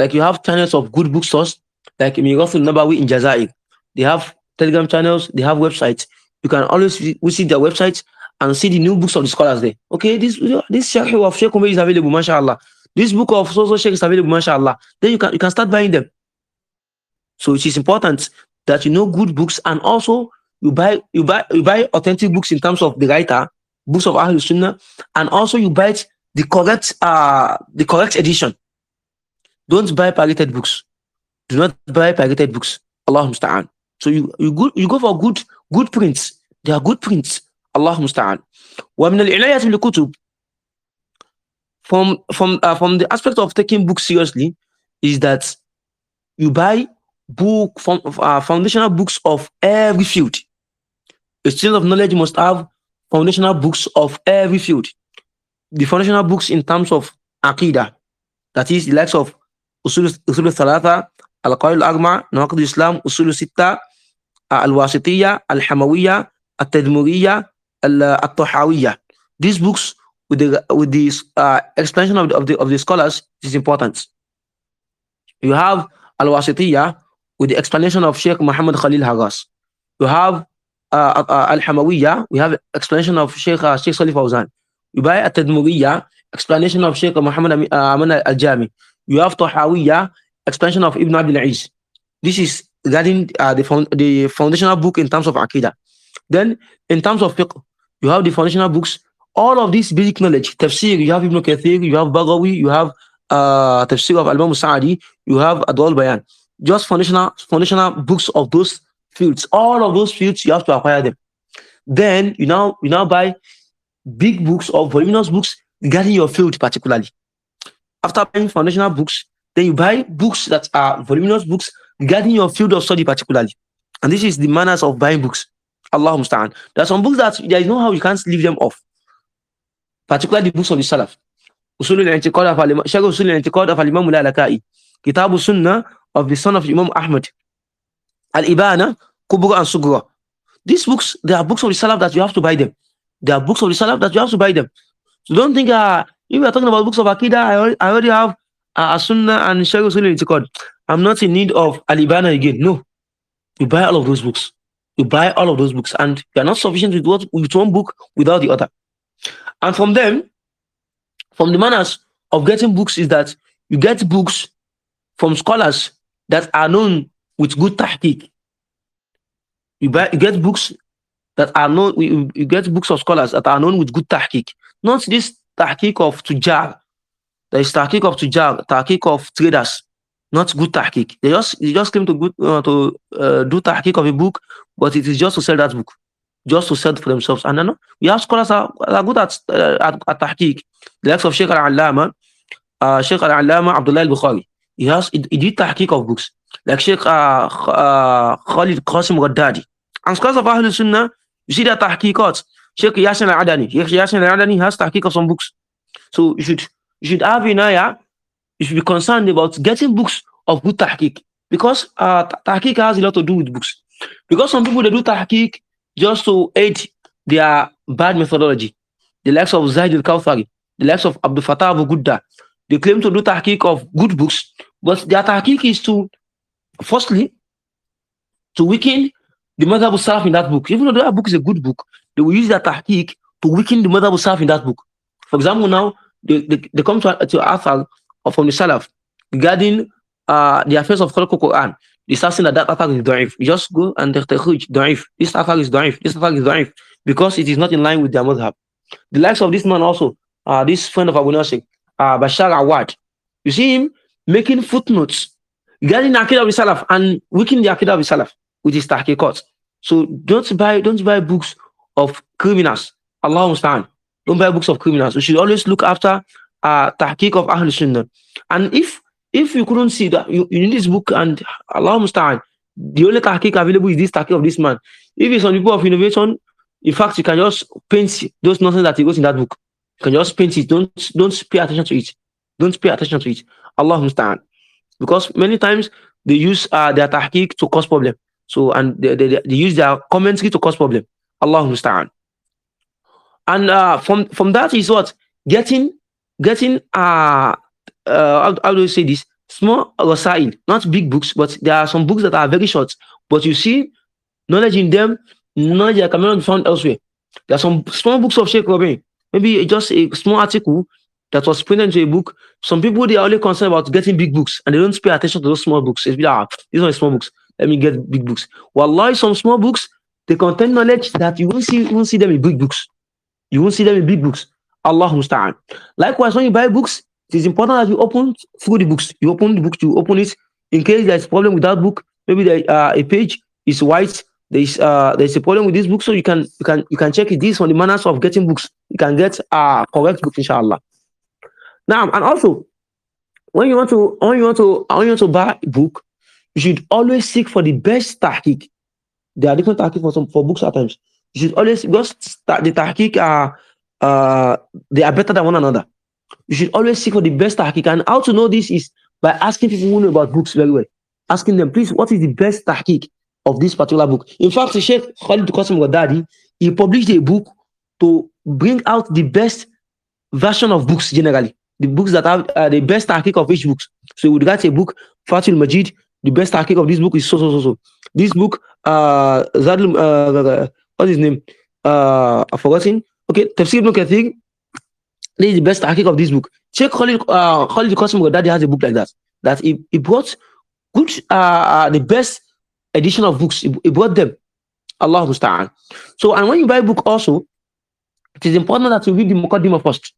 Like you have channels of good book source, like number Nabawi in Jazair. They have telegram channels, they have websites you can always visit their website and see the new books of the scholars there. Okay, this this Sheikh of Sheikh Umay is available, mashallah. This book of so Sheikh is available, mashallah. Then you can you can start buying them. So it is important that you know good books and also you buy you buy you buy authentic books in terms of the writer, books of Ahlul Sunnah, and also you buy the correct uh the correct edition. Don't buy pirated books. Do not buy pirated books. Allah So you you go you go for good Good prints. They are good prints. Allah musta'an. وَمِنَ الْعِلَيَةِ الْكُتُبِ From, from, uh, from the aspect of taking books seriously is that you buy book from, uh, foundational books of every field. A student of knowledge must have foundational books of every field. The foundational books in terms of Aqidah, that is the likes of Usul, Usul Thalatha, Al-Qawl Al-Agma, Nawaqid Islam, Usul Sitta, Al-Wasitiyah, Al-Hamawiyah, Al-Tadmuriyah, al These books with the with this uh, explanation of the, of the of the scholars is important. You have Al-Wasitiyah with the explanation of Sheikh Muhammad Khalil Hagas. You have uh, uh, Al-Hamawiyah, we have explanation of Sheikh uh, Sheikh Salih Fawzan. You buy Al-Tadmuriyah, explanation of Sheikh Muhammad uh, Amin Al-Jami. You have Tahawiyah, explanation of Ibn Abdul Aziz. This is regarding uh, the, found, the foundational book in terms of Akida, Then, in terms of fiqh, you have the foundational books. All of this basic knowledge, tafsir, you have Ibn Kathir, you have Baghawi, you have uh, tafsir of Al-Imam Sa'adi, you have Adwal Bayan. Just foundational, foundational books of those fields. All of those fields, you have to acquire them. Then, you now, you now buy big books or voluminous books regarding your field particularly. After buying foundational books, then you buy books that are voluminous books regarding your field of study particularly. And this is the manners of buying books. Allah musta'an. There are some books that there is no how you can't leave them off. Particularly the books of the Salaf. Usul al of Kitab sunnah of the son of Imam Ahmad. Al-Ibana, Kubra and Sugra. These books, they are books of the Salaf that you have to buy them. There are books of the Salaf that you have to buy them. So don't think, uh, if we are talking about books of Akida, I already, I already have uh, Sunnah and Shaykh Usul al I'm not in need of Alibana again. No. You buy all of those books. You buy all of those books, and you are not sufficient with, what, with one book without the other. And from them, from the manners of getting books, is that you get books from scholars that are known with good tahqiq. You, buy, you get books that are known, you, you get books of scholars that are known with good tahqiq. Not this tahqiq of tujar, there is tahqiq of tujar, tahqiq of traders not good tahqiq. They just they just came to good, uh, to uh, do tahqiq of a book, but it is just to sell that book, just to sell for themselves. And then we have scholars are, are good at, uh, at at tahqiq. The likes of Sheikh Alama, uh, Sheikh Alama Abdullah Al-Bukhari. He has he, he did tahqiq of books like Sheikh uh, uh, Khalid Qasim Ghaddadi. And scholars of Ahlul Sunnah, you see that tahqiqat. Sheikh Yasin Al-Adani, Sheikh Yasin Al-Adani has tahqiq of some books. So you should you should have an eye you should be concerned about getting books of good tahqiq because uh, tahqiq has a lot to do with books. Because some people they do tahqiq just to aid their bad methodology. The likes of Zaid al-Kawthari, the likes of Abdul Fatah Abu Gudda, they claim to do tahqiq of good books, but their tahqiq is to, firstly, to weaken the of self in that book. Even though that book is a good book, they will use that tahqiq to weaken the of self in that book. For example, now, they, they, they come to, to Athal or from the Salaf regarding uh, the affairs of Khalq Quran, they start saying that that attack is da'if. just go and takhruj da'if. This attack is da'if. This attack is da'if. Because it is not in line with their madhab. The likes of this man also, uh, this friend of Abu Nasir, uh, Bashar Awad, you see him making footnotes regarding the Aqidah of the Salaf and weakening the Aqidah of the Salaf with his tahqiqat. So don't buy, don't buy books of criminals. Allah Musta'an. Don't buy books of criminals. We should always look after uh, tahqiq of Ahl Sunnah. And if if you couldn't see that you, in this book and Allah Musta'an, the only tahqiq available is this tahqiq of this man. If it's on the book of innovation, in fact, you can just paint those nonsense that goes in that book. You can just paint it. Don't don't pay attention to it. Don't pay attention to it. Allah Musta'an. Because many times they use uh, their tahqiq to cause problem. So and they, they, they use their commentary to cause problem. Allah Musta'an. And uh, from from that is what getting getting uh, uh how, do you say this small rasail not big books but there are some books that are very short but you see knowledge in them knowledge that cannot be found elsewhere there are some small books of Sheikh Rabi'. maybe just a small article that was printed into a book some people they are only concerned about getting big books and they don't pay attention to those small books it's like ah, these are small books let me get big books wallahi some small books they contain knowledge that you won't see you won't see them in big books you won't see them in big books Allah musta'an. Likewise, when you buy books, it is important that you open through the books. You open the book, you open it. In case there's problem with that book, maybe the, uh, a page is white. There's uh, there's a problem with this book, so you can you can you can check This on the manners of getting books. You can get uh correct book, inshallah. Now and also, when you want to when you want to when you want to buy a book, you should always seek for the best tahqiq. There are different tahqiq for some for books at times. You should always because the tahqiq are uh, uh, they are better than one another. You should always seek for the best tahqiq. And how to know this is by asking people who know about books very well. Asking them, please, what is the best tahqiq of this particular book? In fact, Sheikh Khalid Qasim Ghadadi, he published a book to bring out the best version of books generally. The books that have uh, the best tahqiq of each book. So we got a book, Fatul Majid, the best tahqiq of this book is so, so, so, so. This book, uh, Zadl, uh, what's his name? Uh, I've forgotten Okay, Tafsir Ibn Kathir, this is the best think of this book. Check Khalid, uh, Khalid Qasim Daddy has a book like that. That he, he brought good, uh, uh the best edition of books. He, he brought them. Allah musta'an. So, and when you buy a book also, it is important that you read the Muqaddimah first.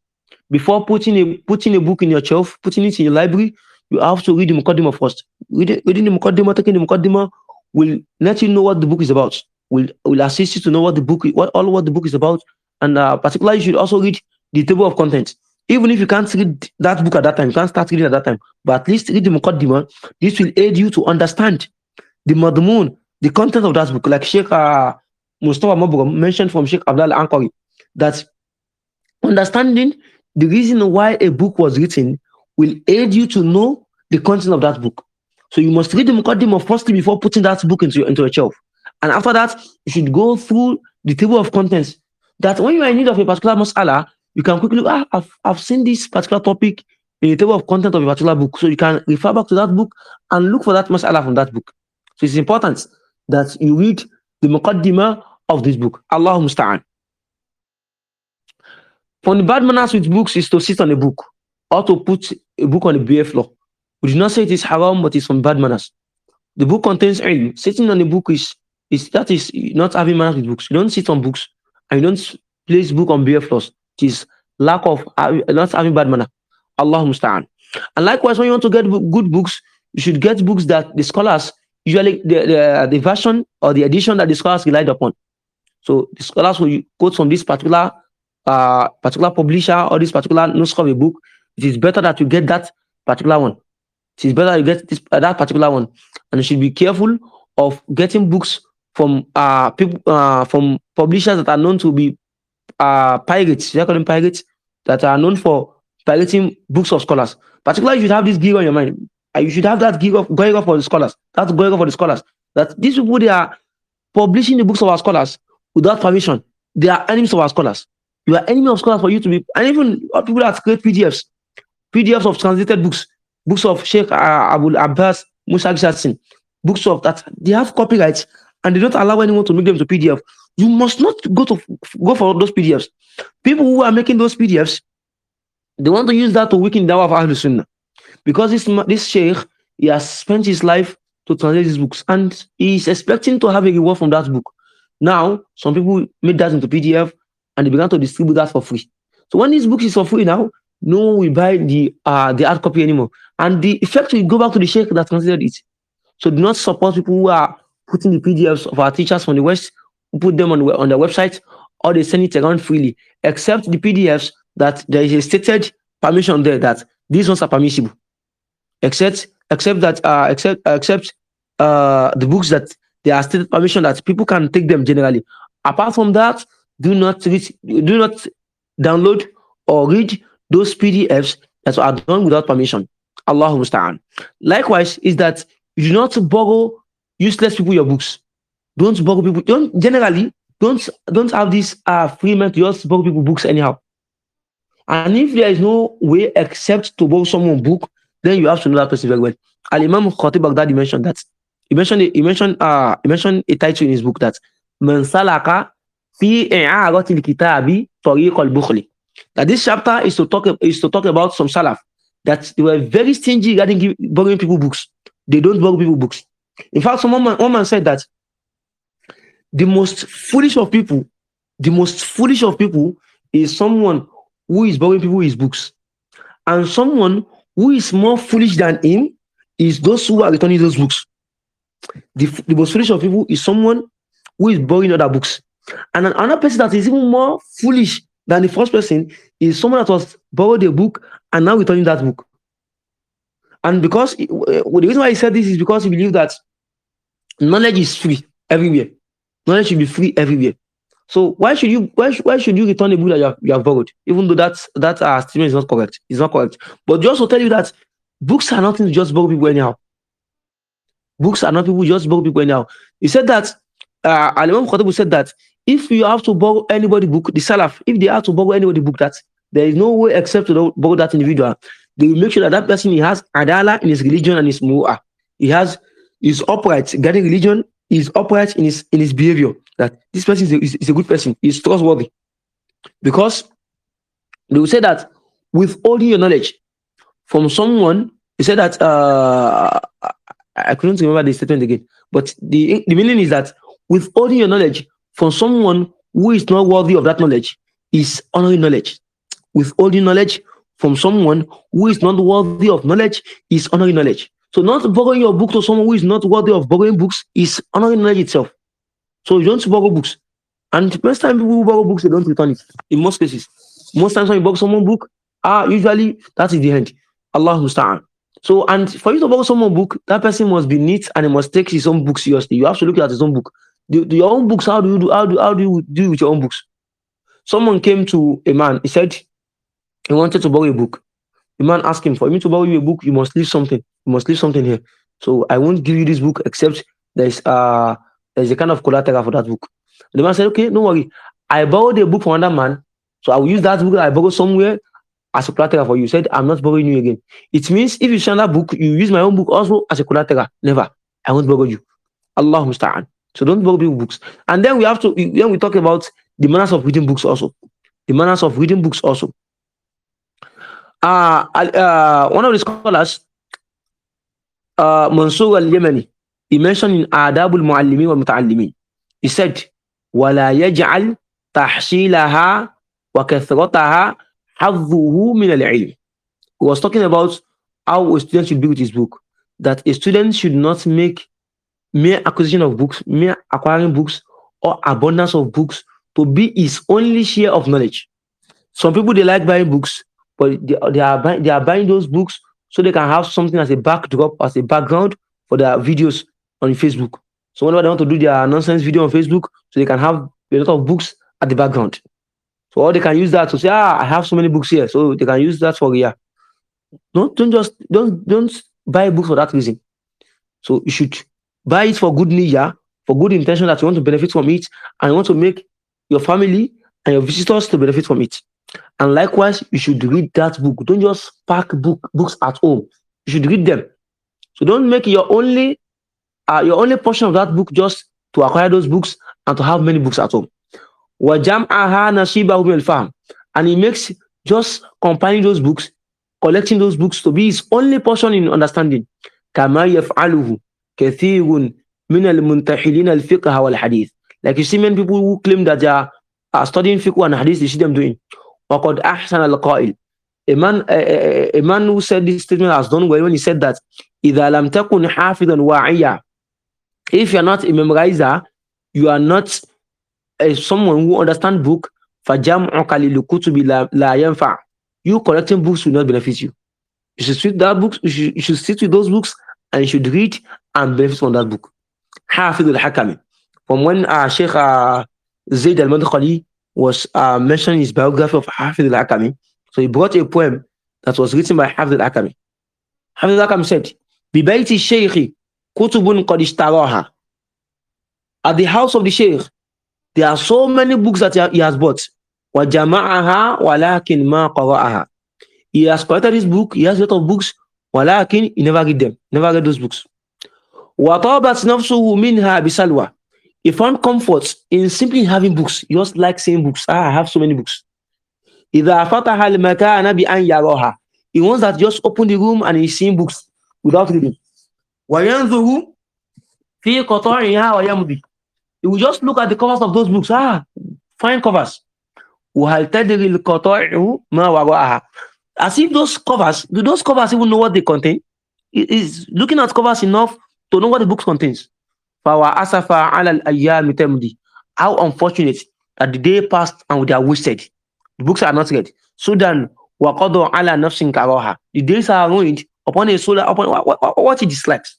Before putting a, putting a book in your shelf, putting it in your library, you have to read the Muqaddimah first. Reading, reading the Muqaddimah, taking the Muqaddimah will let you know what the book is about. Will will assist you to know what the book, what all what the book is about, and uh, particularly, you should also read the table of contents. Even if you can't read that book at that time, you can't start reading at that time, but at least read the Muqaddimah. This will aid you to understand the Madmun, the content of that book. Like Sheikh uh, Mustafa Mabugam mentioned from Sheikh Abdullah Ankari, that understanding the reason why a book was written will aid you to know the content of that book. So you must read the Muqaddimah firstly before putting that book into, into your shelf. And after that, you should go through the table of contents that when you are in need of a particular masala, you can quickly, ah, I've, I've seen this particular topic in the table of content of a particular book. So you can refer back to that book and look for that masala from that book. So it's important that you read the muqaddimah of this book. Allah musta'an. From the bad manners with books is to sit on a book or to put a book on a bare floor. We do not say it is haram, but it's from bad manners. The book contains ilm. Sitting on a book is, is that is not having manners with books. You don't sit on books and you don't place book on bare floors. It is lack of not having bad manner. Allah musta'an. And likewise, when you want to get good books, you should get books that the scholars usually the, the, uh, the version or the edition that the scholars relied upon. So the scholars will quote from this particular uh, particular publisher or this particular nuskh of a book. It is better that you get that particular one. It is better you get this, uh, that particular one, and you should be careful of getting books from uh people uh from publishers that are known to be uh pirates, you call them pirates? That are known for pirating books of scholars. Particularly, you should have this gig on your mind. Uh, you should have that gig of going up for the scholars. That's going up for the scholars. That these people they are publishing the books of our scholars without permission. They are enemies of our scholars. You are enemy of scholars for you to be, and even people that create PDFs, PDFs of translated books, books of Sheikh uh, Abul Abbas Musa Gisatsin, books of that they have copyrights and they don't allow anyone to make them to PDF, you must not go to go for those PDFs. People who are making those PDFs, they want to use that to weaken the of Al Sunnah. Because this this sheikh, he has spent his life to translate these books and he is expecting to have a reward from that book. Now, some people made that into PDF and they began to distribute that for free. So when this book is for free now, no one will buy the uh, the hard copy anymore. And the effect will go back to the sheikh that translated it. So do not support people who are putting the PDFs of our teachers from the West, put them on, on the website, or they send it around freely, except the PDFs that there is a stated permission there that these ones are permissible. Except except that uh, except uh, except uh, the books that there are stated permission that people can take them generally. Apart from that, do not do not download or read those PDFs that are done without permission. Allahumma musta'an. Likewise, is that you do not borrow useless people your books. Don't borrow people. Don't generally don't don't have this uh freedom to just borrow people books anyhow. And if there is no way except to borrow someone book, then you have to know that person very well. Al Imam Khatib Baghdadi mentioned that. He mentioned he mentioned uh he mentioned a title in his book that Man salaka fi i'aratil kitabi tariq al-bukhli. That this chapter is to talk is to talk about some salaf that they were very stingy regarding borrowing people books. They don't borrow people books. In fact, some woman, man said that the most foolish of people, the most foolish of people is someone who is borrowing people his books. And someone who is more foolish than him is those who are returning those books. The, the most foolish of people is someone who is borrowing other books. And another person that is even more foolish than the first person is someone that was borrowed a book and now returning that book. And because it, eh, well, the reason why he said this is because he believed that knowledge is free everywhere. Knowledge should be free everywhere. So why should you why, why should you return a book that you have, you have borrowed, even though that that uh, statement is not correct? It's not correct. But just to tell you that books are nothing to just borrow people anyhow. Books are not people just borrow people anyhow. He said that uh, Al-Imam said that if you have to borrow anybody book, the Salaf, if they have to borrow anybody book, that there is no way except to borrow that individual. They will make sure that that person he has adala in his religion and his mu'ah. He has his upright guiding religion. Is upright in his in his behavior. That this person is a, is, is a good person. Is trustworthy. Because they will say that withholding your knowledge from someone, they said that uh, I couldn't remember the statement again. But the the meaning is that withholding your knowledge from someone who is not worthy of that knowledge is honoring knowledge. Withholding knowledge from someone who is not worthy of knowledge is honoring knowledge. So not borrowing your book to someone who is not worthy of borrowing books is honoring knowledge itself. So you don't borrow books. And most time people borrow books, they don't return it. In most cases. Most times when you borrow someone's book, ah, usually that is the end. Allah musta'an. So, and for you to borrow someone's book, that person must be neat and he must take his own book seriously. You have to look at his own book. Do, do your own books, how do you do how do how do you deal with your own books? Someone came to a man, he said, he wanted to borrow a book. The man asked him, For me to borrow you a book, you must leave something. You must leave something here. So I won't give you this book except there's uh there's a kind of collateral for that book. The man said, Okay, no worry. I borrowed a book from another man, so I will use that book that I borrowed somewhere as a collateral for you. He said, I'm not borrowing you again. It means if you send that book, you use my own book also as a collateral. Never. I won't borrow you. Allah musta'an. So don't borrow people books. And then we have to then we talk about the manners of reading books also. The manners of reading books also uh, uh, one of the scholars, uh, Mansur al Yemeni, he mentioned in "Adabul muallimi wa Muta'allimi, he said, وَلَا يَجْعَلْ تَحْشِيلَهَا وَكَثْرَتَهَا حَظُّهُ مِنَ الْعِلْمِ He was talking about how a student should be with his book, that a student should not make mere acquisition of books, mere acquiring books, or abundance of books to be his only share of knowledge. Some people, they like buying books, but they, they are buying they are buying those books so they can have something as a backdrop as a background for their videos on Facebook. So whenever they want to do their nonsense video on Facebook, so they can have a lot of books at the background. So or they can use that to say, ah, I have so many books here. So they can use that for yeah. Don't don't just don't don't buy books for that reason. So you should buy it for good yeah for good intention that you want to benefit from it, and you want to make your family and your visitors to benefit from it. And likewise, you should read that book. Don't just pack book books at home. You should read them. So don't make your only uh, your only portion of that book just to acquire those books and to have many books at home. And he makes just compiling those books, collecting those books to be his only portion in understanding. كما يفعله كثير من المنتحلين wal hadith. Like you see many people who claim that they are, are studying fiqh and hadith, you see them doing. وَقَدْ أَحْسَنَ الْقَائِلِ a man, a, a, a, man who said this statement has done well when he said that إِذَا لَمْ تَكُنْ حَافِظًا وَعِيًّا If you are not a memorizer, you are not a someone who understand book, فَجَمْعُكَ لِلْكُتُبِ لَا يَنْفَعُ You collecting books will not benefit you. You should sit that books, you should, you should sit with those books and you should read and benefit from that book. حافظ الحكم From when uh, Sheikh uh, Zayd al-Madkhali was uh, mentioned in his biography of Hafid al Akami. So he brought a poem that was written by Hafid al Akami. Hafid al Akami said, Bibaiti Sheikhi Kutubun Qadishtaraha. At the house of the Sheikh, there are so many books that he has bought. وَجَمَعَهَا وَلَكِنْ مَا قَرَأَهَا He has collected his book, he has a lot of books, walakin he never read them, never read those books. وَطَابَتْ نَفْسُهُ مِنْهَا بِسَلْوَى he found comfort in simply having books, he just like seeing books. Ah, I have so many books. He wants that just open the room and he's seeing books without reading. He will just look at the covers of those books. Ah, fine covers. As if those covers, do those covers even know what they contain? Is looking at covers enough to know what the book contains? Fawa asafa temdi. How unfortunate that the day passed and they are wasted. The books are not read. So then waqadu ala nafsin karaha. The days are ruined upon a soul upon what, what, what he dislikes.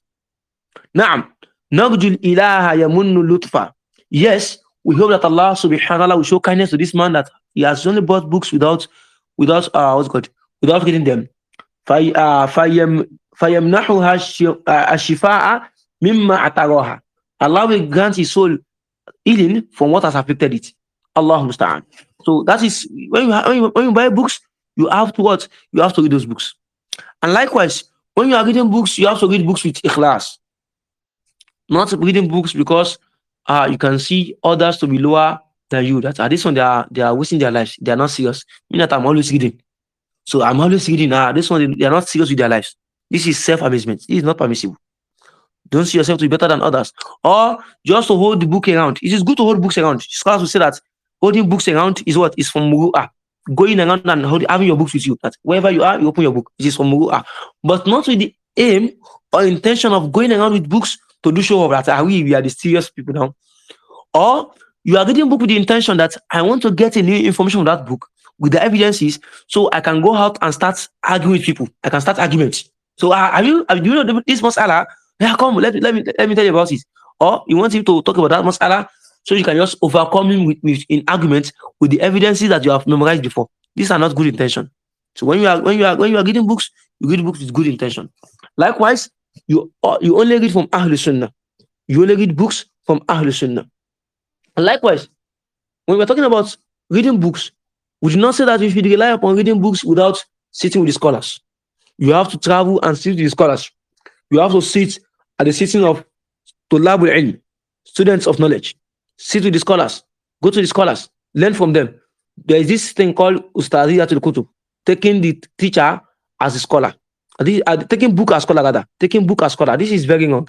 Naam. Narjul ilaha yamunnu lutfa. Yes, we hope that Allah subhanahu wa ta'ala will show kindness to this man that he has only bought books without without uh what's good without getting them. فَيَمْنَحُهَا الشِّفَاءَ uh, mimma أَتَرَوْهَا Allah will grant his soul healing from what has affected it. Allah musta'an. So that is when you, when you, when you buy books, you have to what? You have to read those books. And likewise, when you are reading books, you have to read books with ikhlas. Not reading books because uh, you can see others to be lower than you. That at ah, this one they are they are wasting their lives. They are not serious. Mean that I'm always reading. So I'm always reading. Ah, this one they, they are not serious with their lives. This is self amusement. This is not permissible. Don't see yourself to be better than others. Or just to hold the book around. It is good to hold books around. Scholars will say that holding books around is what is from Muru'ah. Going around and having your books with you. That wherever you are, you open your book. It is from Muru'ah. But not with the aim or intention of going around with books to do show of that are ah, we, we are the serious people now. Or you are reading book with the intention that I want to get a new information from that book with the evidences so I can go out and start arguing with people. I can start arguments. So uh, have you, Do you know this Masala? Yeah, come, let me let me let me tell you about this. Or you want him to talk about that masala so you can just overcome him with, with in argument with the evidences that you have memorized before. These are not good intention. So when you are when you are when you are reading books, you read books with good intention. Likewise, you uh, you only read from Ahlul Sunnah. You only read books from Ahlul Sunnah. And likewise, when we're talking about reading books, we do not say that if should rely upon reading books without sitting with the scholars. You have to travel and sit with the scholars you have to sit at the sitting of Tulabul Ilm, students of knowledge. Sit with the scholars, go to the scholars, learn from them. There is this thing called Ustadiya al Kutub, taking the teacher as a scholar. This, uh, taking book as scholar rather, taking book as scholar. This is very wrong.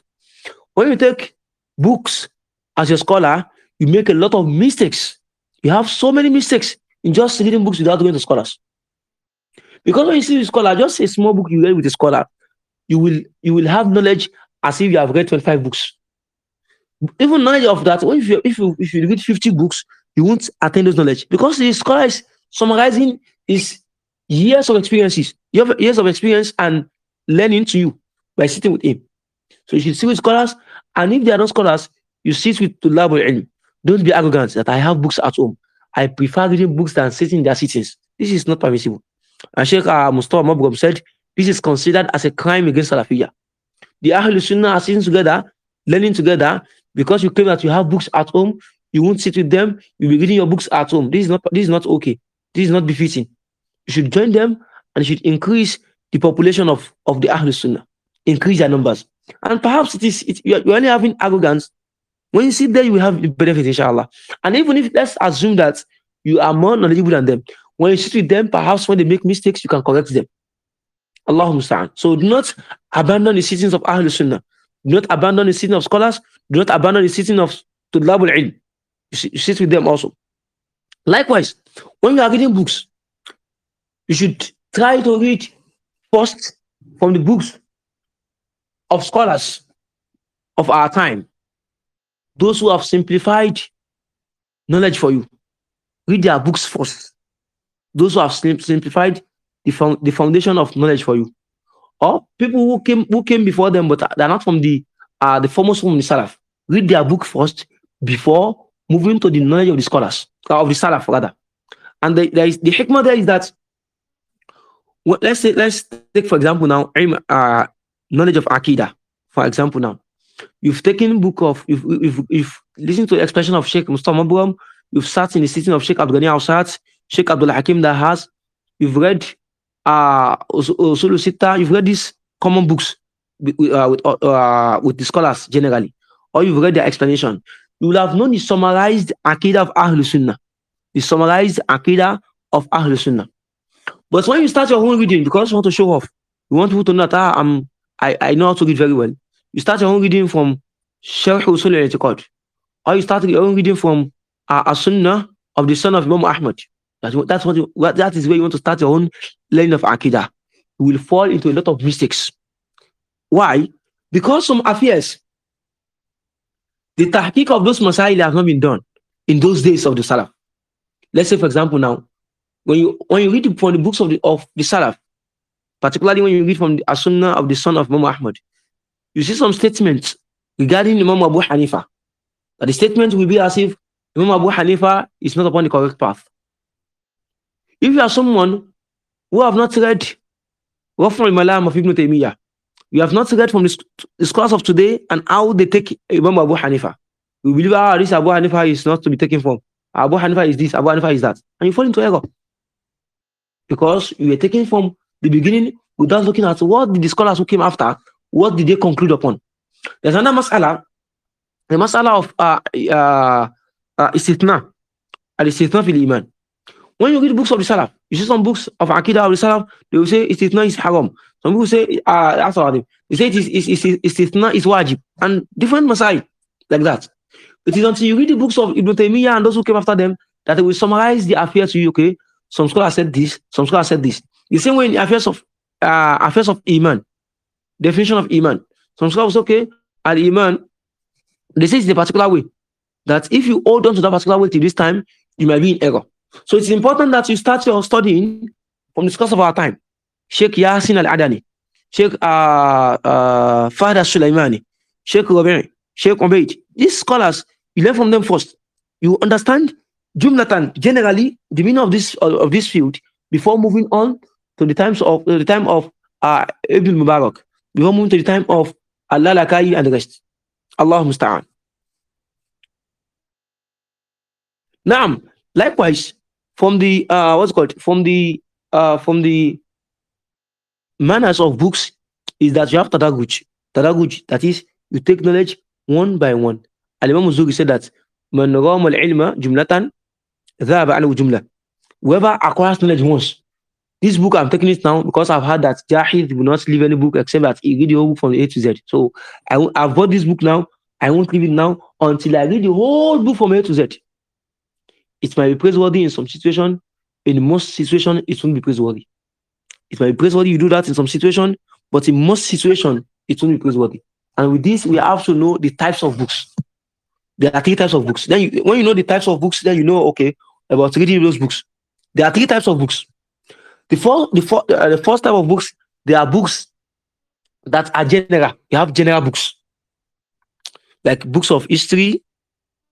When you take books as a scholar, you make a lot of mistakes. You have so many mistakes in just reading books without going to scholars. Because when you see a scholar, just a small book you read with a scholar, you will you will have knowledge as if you have read 25 books. Even knowledge of that, if you if you if you read 50 books, you won't attain those knowledge because the scholar is summarizing his years of experiences, years of experience and learning to you by sitting with him. So you should sit with scholars, and if they are not scholars, you sit with the lab ilm. Don't be arrogant that I have books at home. I prefer reading books than sitting in their sittings. This is not permissible. And Sheikh uh, Mustafa Mabgum said, this is considered as a crime against Salafiyah. The Ahlul Sunnah are sitting together, learning together, because you claim that you have books at home, you won't sit with them, you'll be reading your books at home. This is not this is not okay. This is not befitting. You should join them and you should increase the population of, of the Ahlul Sunnah, increase their numbers. And perhaps it is it, only having arrogance. When you sit there, you will have the benefit, inshallah. And even if let's assume that you are more knowledgeable than them, when you sit with them, perhaps when they make mistakes, you can correct them. Allah musta'an. So do not abandon the sittings of Ahlul Sunnah. Do not abandon the sitting of scholars. Do not abandon the sitting of Tulabul Ilm. You sit with them also. Likewise, when you are reading books, you should try to read first from the books of scholars of our time, those who have simplified knowledge for you. Read their books first. Those who have simplified the, the foundation of knowledge for you. Or people who came who came before them, but they're not from the uh, the foremost from the Salaf. Read their book first before moving to the knowledge of the scholars, uh, of the Salaf rather. And the, there is, the hikmah there is that, well, let's say, let's take for example now, uh, knowledge of Akida, for example now. You've taken book of, if if you've, listened to the expression of Sheikh Mustafa Maburam, you've sat in the sitting of Sheikh Abdul Ghani Al-Sat, Sheikh Abdul Hakim Dahas, you've read Ah, uh, Usulu you've read these common books with, uh, uh, uh, with, the scholars generally, or you've read their explanation. You will have known the summarized Akida of Ahlul Sunnah, the summarized Akida of Ahlul Sunnah. But when you start your own reading, because you want to show off, you want people to know that I'm, um, I, I know how to read very well. You start your own reading from Sharh Usul al or you start your own reading from uh, sunnah of the son of Imam Ahmad. That's what, that's what you, that is where you want to start your own learning of Akida. You will fall into a lot of mistakes. Why? Because some affairs, the tahqiq of those masail has not been done in those days of the Salaf. Let's say, for example, now, when you when you read from the books of the of the Salaf, particularly when you read from the As-Sunnah of the son of Muhammad, Ahmad, you see some statements regarding Imam Abu Hanifa. That the statement will be as if Imam Abu Hanifa is not upon the correct path. If you are someone who have not read Rafa'ul Malam of Ibn Taymiyyah, you have not read from the scholars of today and how they take Imam Abu Hanifa. We believe, ah, this Abu Hanifa is not to be taken from. Abu Hanifa is this, Abu Hanifa is that. And you fall into error. Because you were taken from the beginning without looking at what the scholars who came after, what did they conclude upon. There's another mas'ala, the mas'ala of uh, uh, uh, istithna, al-istithna fil iman. When you read books of the Salaf, you see some books of Akidah of the Salaf, they will say it is not is haram. Some people say, uh, that's all They say it is, it is, it is not is wajib. And different Masai like that. It is until you read the books of Ibn Taymiyyah and those who came after them that they will summarize the affairs to you, okay? Some scholars said this, some scholars said this. The same way in affairs of uh, affairs of Iman, definition of Iman. Some scholars, okay, and Iman, they say it's the particular way. That if you hold on to that particular way till this time, you might be in error. So it's important that you start your studying from the course of our time. Sheikh Yasin Al Adani, Sheikh uh, uh, Father Sulaimani, Sheikh Robert, Sheikh Obeid. These scholars, you learn from them first. You understand Jumlatan, generally, the meaning of this of this field before moving on to the times of uh, the time of uh, Ibn Mubarak, before moving to the time of Allah Lakai and the rest. Allah Musta'an. likewise, from the uh what's called from the uh from the manners of books is that you have tadaguj tadaguj that is you take knowledge one by one al-imam said that man rama ilma jumlatan dhaba anhu jumla whoever acquires knowledge once this book i'm taking it now because i've heard that jahid will not leave any book except that he read the whole book from a to z so i i've bought this book now i won't leave it now until i read the whole book from a to z it might be praiseworthy in some situation. In most situation, it won't be praiseworthy. It might be praiseworthy you do that in some situation, but in most situation, it won't be praiseworthy. And with this, we have to know the types of books. There are three types of books. Then, you, when you know the types of books, then you know okay about reading those books. There are three types of books. The first, the, uh, the first type of books, there are books that are general. You have general books, like books of history,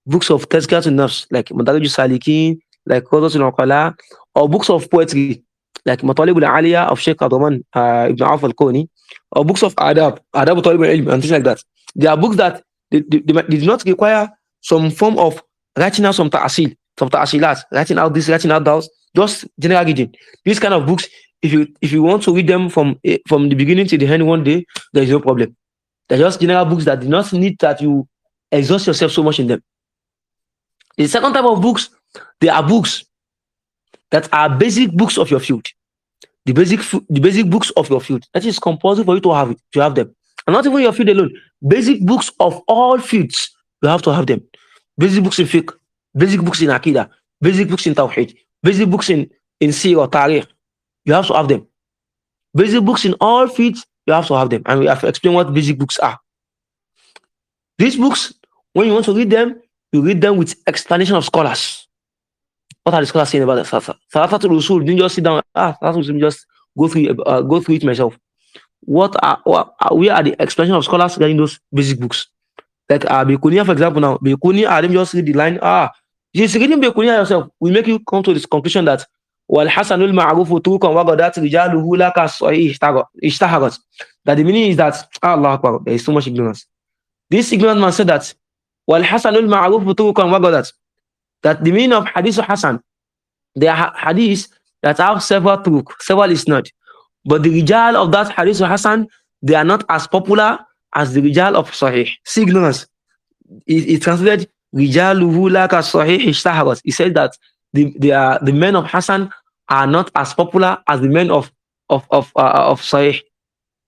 books of and Nafs, like Madarij Salikin, like al Uqala, or books of poetry, like Matalib al-Aliya of Sheikh Adoman, uh, Ibn Auf al-Kuni, or books of Adab, Adab Talib al-Ilm, and things like that. They are books that they, they, they, they not require some form of writing out some ta'asil, some ta'asilat, writing out this, writing out those. just general reading. These kind of books, if you if you want to read them from eh, from the beginning to the end one day, there is no problem. They're just general books that do not need that you exhaust yourself so much in them. The second type of books, there are books that are basic books of your field. The basic the basic books of your field. That is compulsory for you to have it, to have them. And not even your field alone. Basic books of all fields, you have to have them. Basic books in fiqh, basic books in Aqidah, basic books in Tawheed, basic books in, in Sir or Tariq. You have to have them. Basic books in all fields, you have to have them. And we have explained what basic books are. These books, when you want to read them, you read them with explanation of scholars. What are the scholars saying about the Salatatul Usul? Didn't just sit down, ah, Salatatul Usul, just go through, uh, go through it myself. What are, what are, uh, where are the explanation of scholars getting those basic books? Like uh, Bikunia, for example, now, Bikunia, I ah, didn't just read the line, ah, just reading Bikunia yourself will make you come to this conclusion that والحسن المعروف طرقا وغدات رجاله لك اشتهرت that the meaning is that ah, Allah Akbar, there is so much ignorance this ignorant man said that Wal Hasanul Ma'ruf Turukan Wagadat. That the meaning of Hadith Hasan, they are that have several turuk, several is not. But the rijal of that Hadith Hasan, they are not as popular as the rijal of Sahih. Signals. It, it translated Rijaluhu laka Sahih ishtaharat. He said that the, the, uh, the men of Hasan are not as popular as the men of of of uh, of Sahih.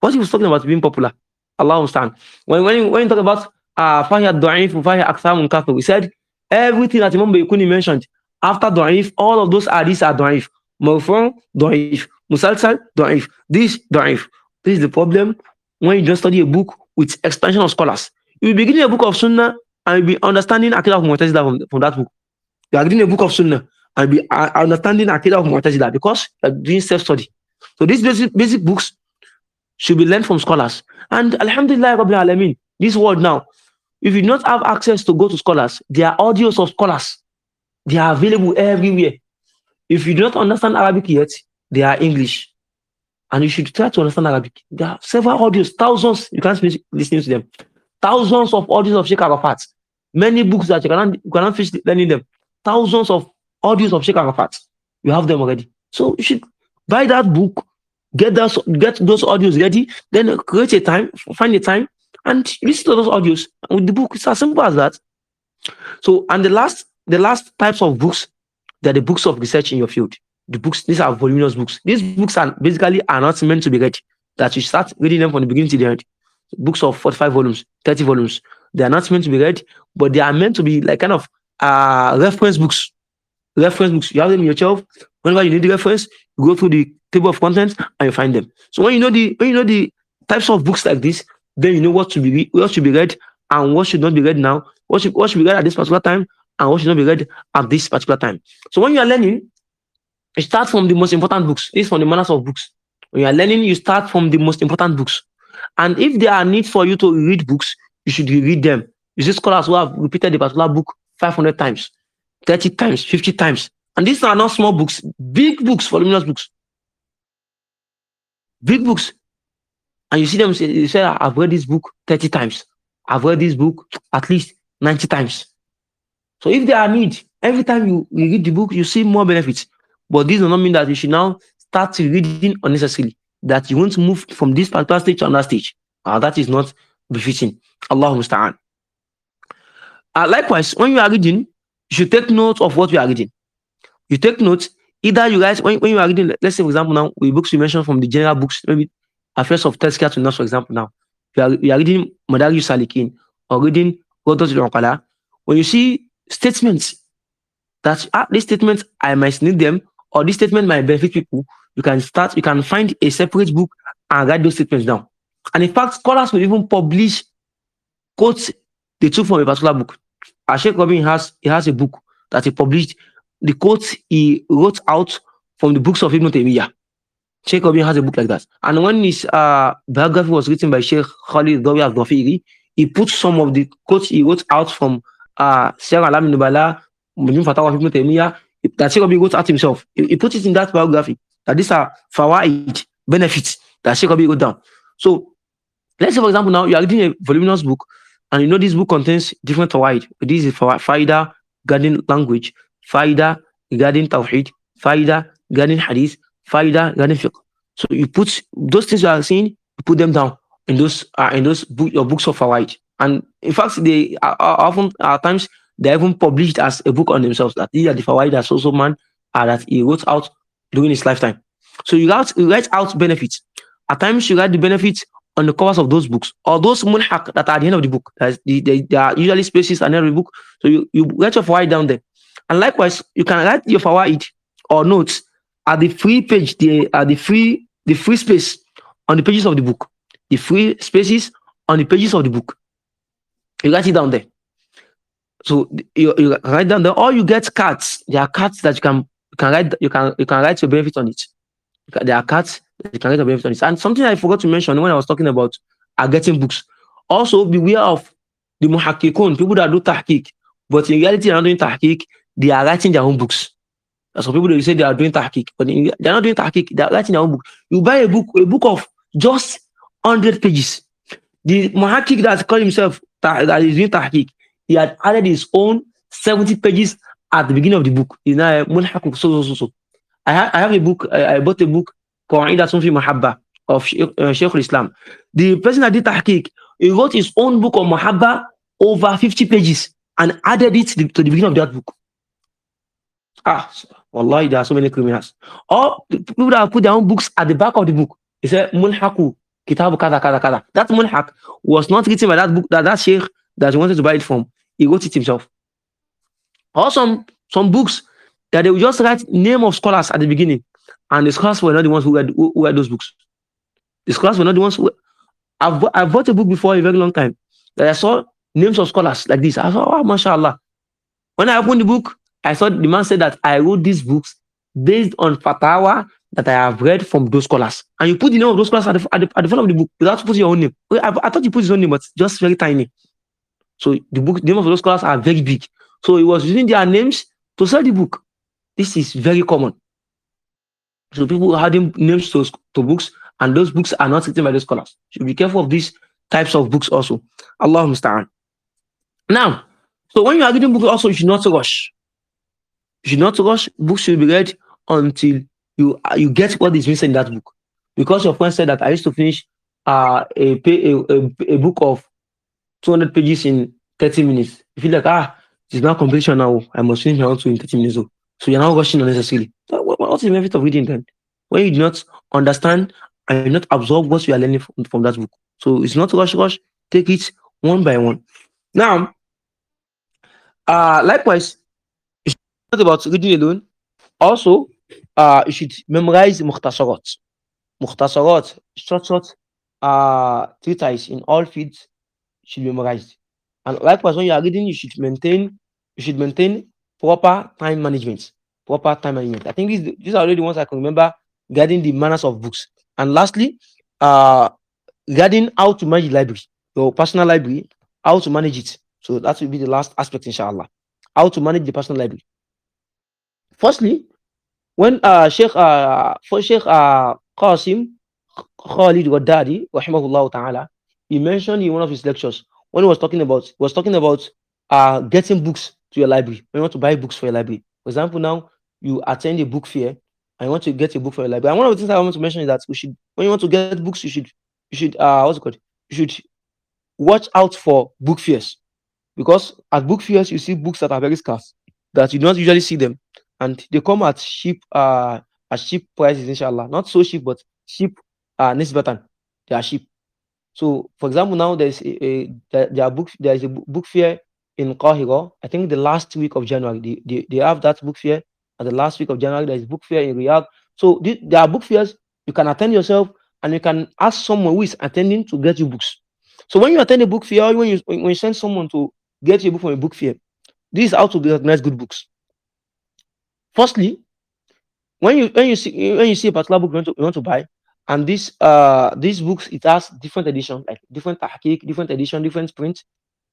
What he was talking about being popular. Allah understand. When when when you talk about uh, ah, Da'if, Fahia Aksamun Kathir. He said, everything that Imam Baykuni mentioned after Da'if, all of those hadiths are Da'if. Mawfun, Da'if. Musalsal, Da'if. This, Da'if. This is the problem when you don't study a book with expansion of scholars. You begin a book of Sunnah and you'll be understanding Aqidah of Mu'tazila from, from that book. You are reading a book of Sunnah and be uh, understanding Aqidah of Mu'tazila because you are doing self-study. So these basic, basic books should be learned from scholars. And Alhamdulillah Rabbil Alameen, this world now, if you don't have access to go to scholars, there are audios of scholars. They are available everywhere. If you don't understand Arabic yet, they are English. And you should try to understand Arabic. There are several audios, thousands. You can't listen to them. Thousands of audios of Sheikh Arafat. Many books that you cannot, you cannot finish learning them. Thousands of audios of Sheikh Arafat. You have them already. So you should buy that book, get that, get those audios ready, then create a time, find a time, and listen to those audios with the book. It's as simple as that. So, and the last, the last types of books, they're the books of research in your field. The books, these are voluminous books. These books are basically are not meant to be read. That you start reading them from the beginning to the end. Books of 45 volumes, 30 volumes. They are not meant to be read, but they are meant to be like kind of uh reference books. Reference books. You have them in your shelf. Whenever you need the reference, you go through the table of contents and you find them. So when you know the when you know the types of books like this, then you know what should be what should be read and what should not be read now. What should, what should be read at this particular time and what should not be read at this particular time. So when you are learning, you start from the most important books. This is from the manners of books. When you are learning, you start from the most important books. And if there are needs for you to read books, you should read them. You see scholars who have repeated the particular book 500 times, 30 times, 50 times. And these are not small books, big books, voluminous books. Big books. And you see them say, you say, ah, I've read this book 30 times. I've read this book at least 90 times. So if there are needs, every time you, you read the book, you see more benefits. But this does not mean that you should now start reading unnecessarily, that you won't move from this particular stage to another stage. Uh, that is not befitting. Allahumma sta'an. Uh, likewise, when you are reading, you should take note of what you are reading. You take notes. either you guys, when, when you are reading, let's say, for example, now, we books we mentioned from the general books, maybe affairs of Tazkiyah to Nas, for example, now, you are, you are reading Madarij Salikin or reading Rodatul Lankala. when you see statements that ah, these statements, I might need them, or this statement might benefit people, you can start, you can find a separate book and write those statements down. And in fact, scholars will even publish quotes they took from a particular book. Ashek Robin has he has a book that he published, the quotes he wrote out from the books of Ibn Taymiyyah. Sheikh Rabi has a book like that. And when his uh, biography was written by Sheikh Khalid Rabi al Ghafiri, he put some of the quotes he wrote out from uh, Sarah Alam Nubala, Mujum Fatawa Ibn Taymiyyah, that Sheikh Rabi wrote out himself. He, he, put it in that biography that these are fawaid benefits that Sheikh Rabi wrote down. So let's say, for example, now you are reading a voluminous book and you know this book contains different fawaid. This is faida regarding language, faida regarding tawhid, faida regarding hadith, Farida, Ranifiq. So you put those things you are seeing, you put them down in those uh, in those book, your books of Fawaid. And in fact, they are, are often at times they even published as a book on themselves that these are the Fawaid that also man uh, that he wrote out during his lifetime. So you write, you write out benefits. At times you write the benefits on the covers of those books or those munhaq that are at the end of the book. The, they, there are usually spaces at every book. So you, you write your fawaid down there. And likewise, you can write your fawaid or notes at the free page, the at the free the free space on the pages of the book, the free spaces on the pages of the book. You write it down there. So you, you write down there, or you get cards. There are cards that you can you can write you can you can write your benefit on it. There are cards that you can write your benefit on it. And something I forgot to mention when I was talking about are getting books. Also beware of the muhakkikun, people that do tahkik but in reality they are not doing tahkik they are writing their own books. Some people they say they are doing tahqiq, but they're not doing tahqiq. They're writing their own book. You buy a book, a book of just 100 pages. The muhakkik that called himself that is doing tahqiq, he had added his own 70 pages at the beginning of the book. He's now so so so so. I have I have a book. I, I bought a book called Sunfi Mahabba of Sheikh uh, Islam. The person that did tahqiq, he wrote his own book on Mahabba over 50 pages and added it to the, to the beginning of that book. Ah. So. Wallahi, there are so many criminals. Or people that put their own books at the back of the book. He said, Munhaku, Kitabu Kada Kada Kada. That Munhak was not written by that book that that sheikh that he wanted to buy it from. He wrote it himself. Or some, some books that they would just write name of scholars at the beginning. And the scholars were not the ones who read, who read those books. The scholars were not the ones who. I've, I've bought a book before a very long time that I saw names of scholars like this. I thought, oh, mashallah. When I opened the book, I saw the man said that I wrote these books based on fatawa that I have read from those scholars. And you put the name of those scholars at the, at the, at the front of the book without putting your own name. I, I thought you put his own name, but just very tiny. So the book, the name of those scholars are very big. So he was using their names to sell the book. This is very common. So people adding names to, to books, and those books are not written by those scholars. So be careful of these types of books also. Allah musta'an. Now, so when you are reading books also, you should not rush. You should not rush. Books should be read until you you get what is missing in that book. Because your friend said that I used to finish uh, a, a, a, a book of 200 pages in 30 minutes. You feel like, ah, it's not completion now. I must finish my own two in 30 minutes. Oh. So you're not rushing unnecessarily. What, what is the benefit of reading then? When you do not understand and not absorb what you are learning from, from that book. So it's not rush, rush. Take it one by one. Now, uh, likewise, about reading alone. Also, uh, you should memorize muhtasarat. Muhtasarat, short, short uh, treatise in all fields should be memorized. And likewise, when you are reading, you should maintain you should maintain proper time management. Proper time management. I think these these are already ones I can remember regarding the manners of books. And lastly, uh, regarding how to manage library, your personal library, how to manage it. So that will be the last aspect, inshallah. How to manage the personal library firstly, when uh, Sheikh uh, for Sheikh uh, Qasim Khalid Wadadi, rahimahullah ta'ala, he mentioned in one of his lectures when he was talking about was talking about uh, getting books to your library. When you want to buy books for your library, for example, now you attend a book fair and you want to get a book for your library. And one of the things I want to mention is that we should when you want to get books, you should you should uh, what's it called? You should watch out for book fairs because at book fairs you see books that are very scarce that you don't usually see them and they come at cheap uh at cheap prices inshallah not so cheap but cheap uh next button they are cheap so for example now there's a, a there, are book there is a book fair in Qahira I think the last week of January they, they, they have that book fair at the last week of January there is book fair in Riyadh so th there are book fairs you can attend yourself and you can ask someone who is attending to get you books so when you attend a book fair when you when you send someone to get you a book from a book fair this is how to recognize good books Firstly, when you when you see when you see a particular book you want to, you want to buy, and this uh these books it has different edition, like different tahqiq, different edition, different print.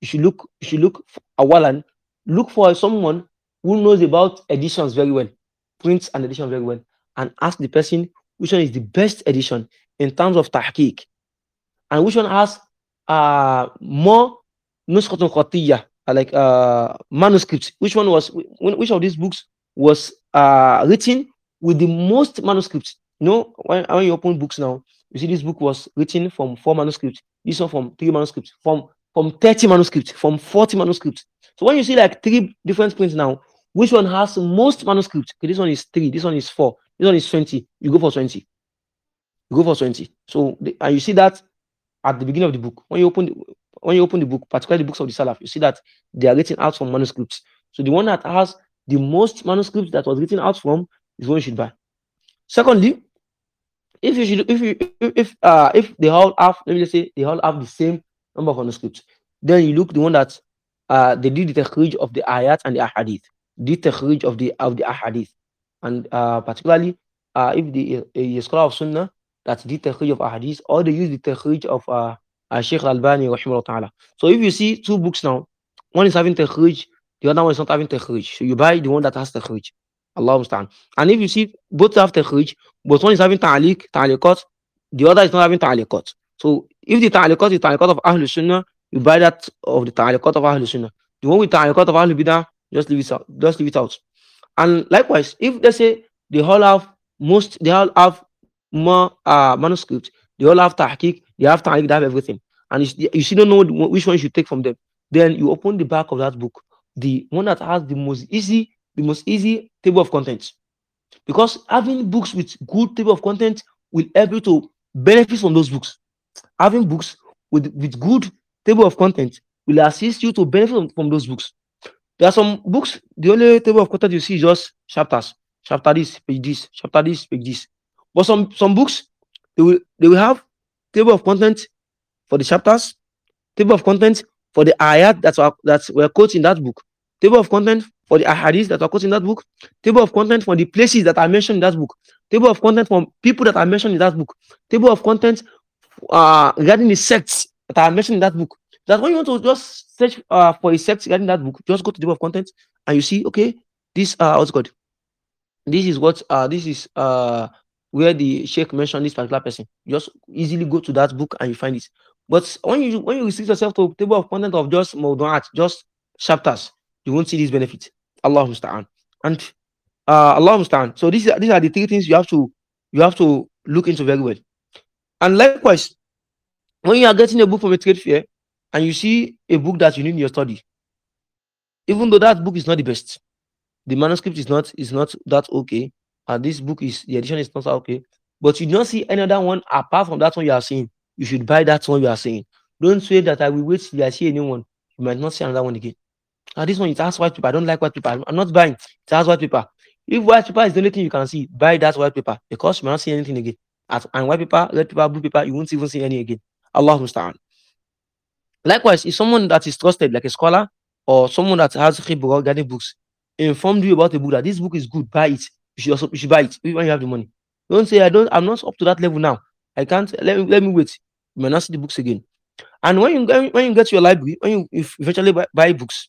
You should look you should look a while and look for someone who knows about editions very well, prints and editions very well, and ask the person which one is the best edition in terms of tahqiq, and which one has uh more like uh manuscripts. Which one was which of these books was uh, written with the most manuscripts. You know, when, when you open books now, you see this book was written from four manuscripts, this one from three manuscripts, from from 30 manuscripts, from 40 manuscripts. So when you see like three different prints now, which one has most manuscripts? Okay, this one is three, this one is four, this one is 20. You go for 20. You go for 20. So the, and you see that at the beginning of the book. When you open the, when you open the book, particularly the books of the Salaf, you see that they are written out from manuscripts. So the one that has the most manuscripts that was written out from is what you should buy. Secondly, if you should if you if uh if they all have let me just say they all have the same number of manuscripts, then you look the one that uh they did the takhrij of the ayat and the ahadith, the takhrij of the of the ahadith, and uh particularly uh if the a, scholar of sunnah that did takhrij of ahadith or they use the takhrij of uh, uh Sheikh rahimahullah So if you see two books now, one is having takhrij the other one is not having tahrij. So you buy the one that has tahrij. Allah understand. And if you see both have tahrij, but one is having ta'liq, ta'liqat, the other is not having ta'liqat. So if the ta'liqat is ta'liqat of Ahlul Sunnah, you buy that of the ta'liqat of Ahlul Sunnah. The one with ta'liqat of Ahlul Bidah, just leave it out. Just leave it out. And likewise, if they say they all have most, they all have more uh, manuscripts, they all have tahqiq, they have ta'liq, they have everything. And you, you still don't know which one you should take from them. Then you open the back of that book the one that has the most easy, the most easy table of contents. Because having books with good table of content will help you to benefit from those books. Having books with, with good table of content will assist you to benefit from, from those books. There are some books, the only table of content you see is just chapters, chapter this, page this, chapter this, page this. But some, some books, they will, they will have table of content for the chapters, table of contents for the ayat that were, that were quoted in that book, table of content for the ahadith that are quoted in that book, table of content for the places that are mentioned in that book, table of content for people that are mentioned in that book, table of content uh, regarding the sects that are mentioned in that book. That when you want to just search uh, for a sect regarding that book, just go to the table of content and you see, okay, this uh, what's good. This is what uh, this is uh, where the sheikh mentioned this particular person. Just easily go to that book and you find it. But when you when you restrict yourself to table of content of just art, just chapters, you won't see these benefits. Allah musta'an. And uh, Allah musta'an. So these are, these are the three things you have to you have to look into very well. And likewise, when you are getting a book from a trade fair and you see a book that you need in your study, even though that book is not the best, the manuscript is not is not that okay, and this book is the edition is not okay, but you don't see any other one apart from that one you are seeing you should buy that one you are saying. Don't say that I will wait till I see anyone. You might not see another one again. Now, this one is ask white paper. I don't like white paper. I'm not buying. It white paper. If white paper is the only thing you can see, buy that white paper because you might not see anything again. and white paper, red paper, blue paper, you won't even see any again. Allah musta'an. Likewise, if someone that is trusted, like a scholar or someone that has khibr regarding books, informed you about a book that this book is good, buy it. You should also you should buy it when you have the money. Don't say I don't. I'm not up to that level now. I can't let me, let me wait. You may not see the books again. And when you when you get to your library, when you eventually buy, buy books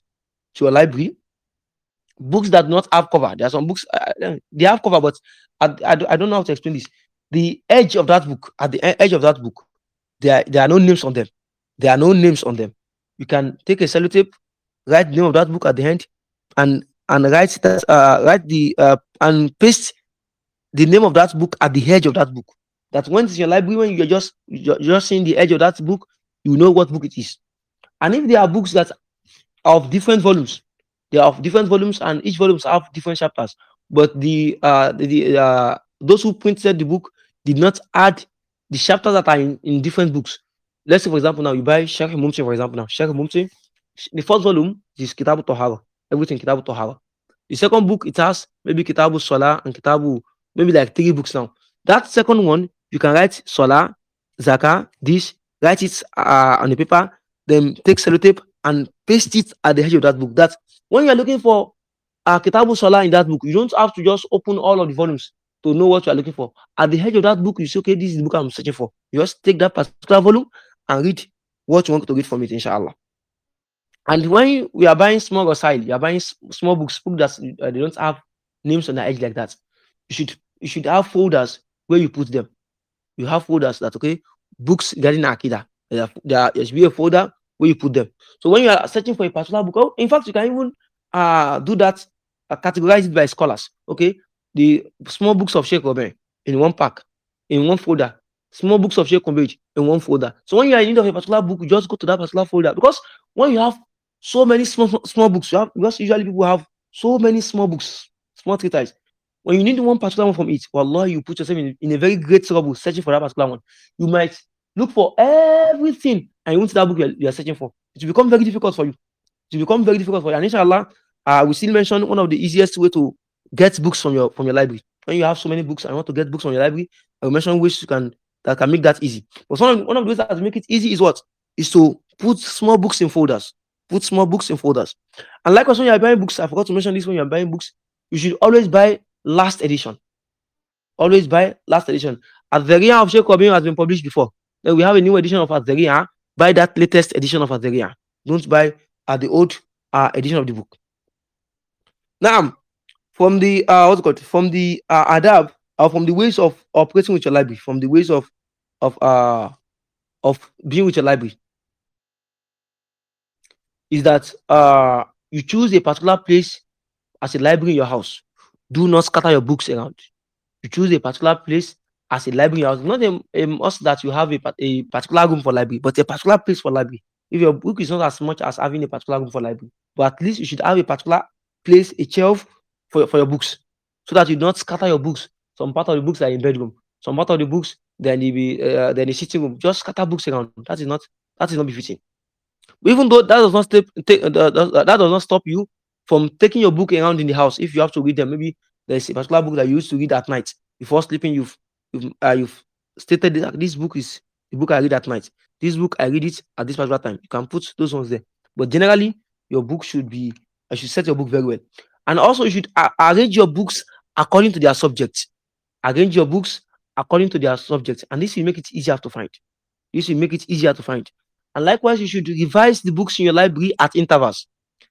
to your library, books that not have cover. There are some books uh, uh they have cover, but I, I, I don't know how to explain this. The edge of that book, at the edge of that book, there there are no names on them. There are no names on them. You can take a sellotape, write the name of that book at the end, and and write that uh, write the uh, and paste the name of that book at the edge of that book that when it's in your library, when you're just you're just seeing the edge of that book, you know what book it is. And if there are books that are of different volumes, they are of different volumes, and each volumes have different chapters. But the uh, the uh, those who printed the book did not add the chapters that are in, in different books. Let's say, for example, now you buy Sheikh Mumsi, for example, now Sheikh Mumsi, the first volume is Kitabu Tohara, everything Kitabu Tohara. The second book it has maybe Kitabu Salah and Kitabu, maybe like three books now. That second one you can write solar, zaka, dish, write it uh, on the paper, then take sellotape and paste it at the edge of that book. That when you are looking for uh, Kitabu Solar in that book, you don't have to just open all of the volumes to know what you are looking for. At the edge of that book, you say, okay, this is the book I'm searching for. You just take that particular volume and read what you want to read from it, inshallah. And when we are buying small recital, you are buying small books, books that uh, they don't have names on the edge like that. You should you should have folders where you put them you have folders that okay, books regarding Akida. There, there should be a folder where you put them. So when you are searching for a particular book, oh, in fact, you can even uh, do that, uh, categorize it by scholars. Okay, the small books of Sheikh Omer in one pack, in one folder, small books of Sheikh Omer in one folder. So when you are in need of a particular book, you just go to that particular folder because when you have so many small small books, you have, because usually people have so many small books, small titles. When you need one particular one from it, Allah, you put yourself in, in a very great trouble searching for that particular one. You might look for everything and you want that book you are, you are searching for. It will become very difficult for you. It will become very difficult for you. And inshallah, uh, we still mention one of the easiest way to get books from your from your library. When you have so many books and you want to get books from your library, I will mention which you can that can make that easy. But one of, one of that make it easy is what? Is to put small books in folders. Put small books in folders. And likewise, when you are buying books, I forgot to mention this when you are buying books, you should always buy last edition. Always buy last edition. Azaria of Sheikh Obin has been published before. Then we have a new edition of Azaria. Buy that latest edition of Azaria. Don't buy uh, the old uh, edition of the book. Now, from the uh, what's called from the uh, adab or uh, from the ways of operating with your library, from the ways of of uh of being with your library, is that uh you choose a particular place as a library in your house. Do not scatter your books around. You choose a particular place as a library house, not a, a must that you have a, a particular room for library, but a particular place for library. If your book is not as much as having a particular room for library, but at least you should have a particular place, a shelf for your, for your books, so that you don't scatter your books. Some part of the books are in bedroom, some part of the books then be uh, then the sitting room. Just scatter books around. That is not that is not befitting. Even though that does not stop, take, uh, that does not stop you from taking your book around in the house if you have to read them maybe there's a particular book that you used to read at night before sleeping you've you've, uh, you've stated that this book is the book i read at night this book i read it at this particular time you can put those ones there but generally your book should be i should set your book very well and also you should uh, arrange your books according to their subject arrange your books according to their subject and this will make it easier to find this will make it easier to find and likewise you should revise the books in your library at intervals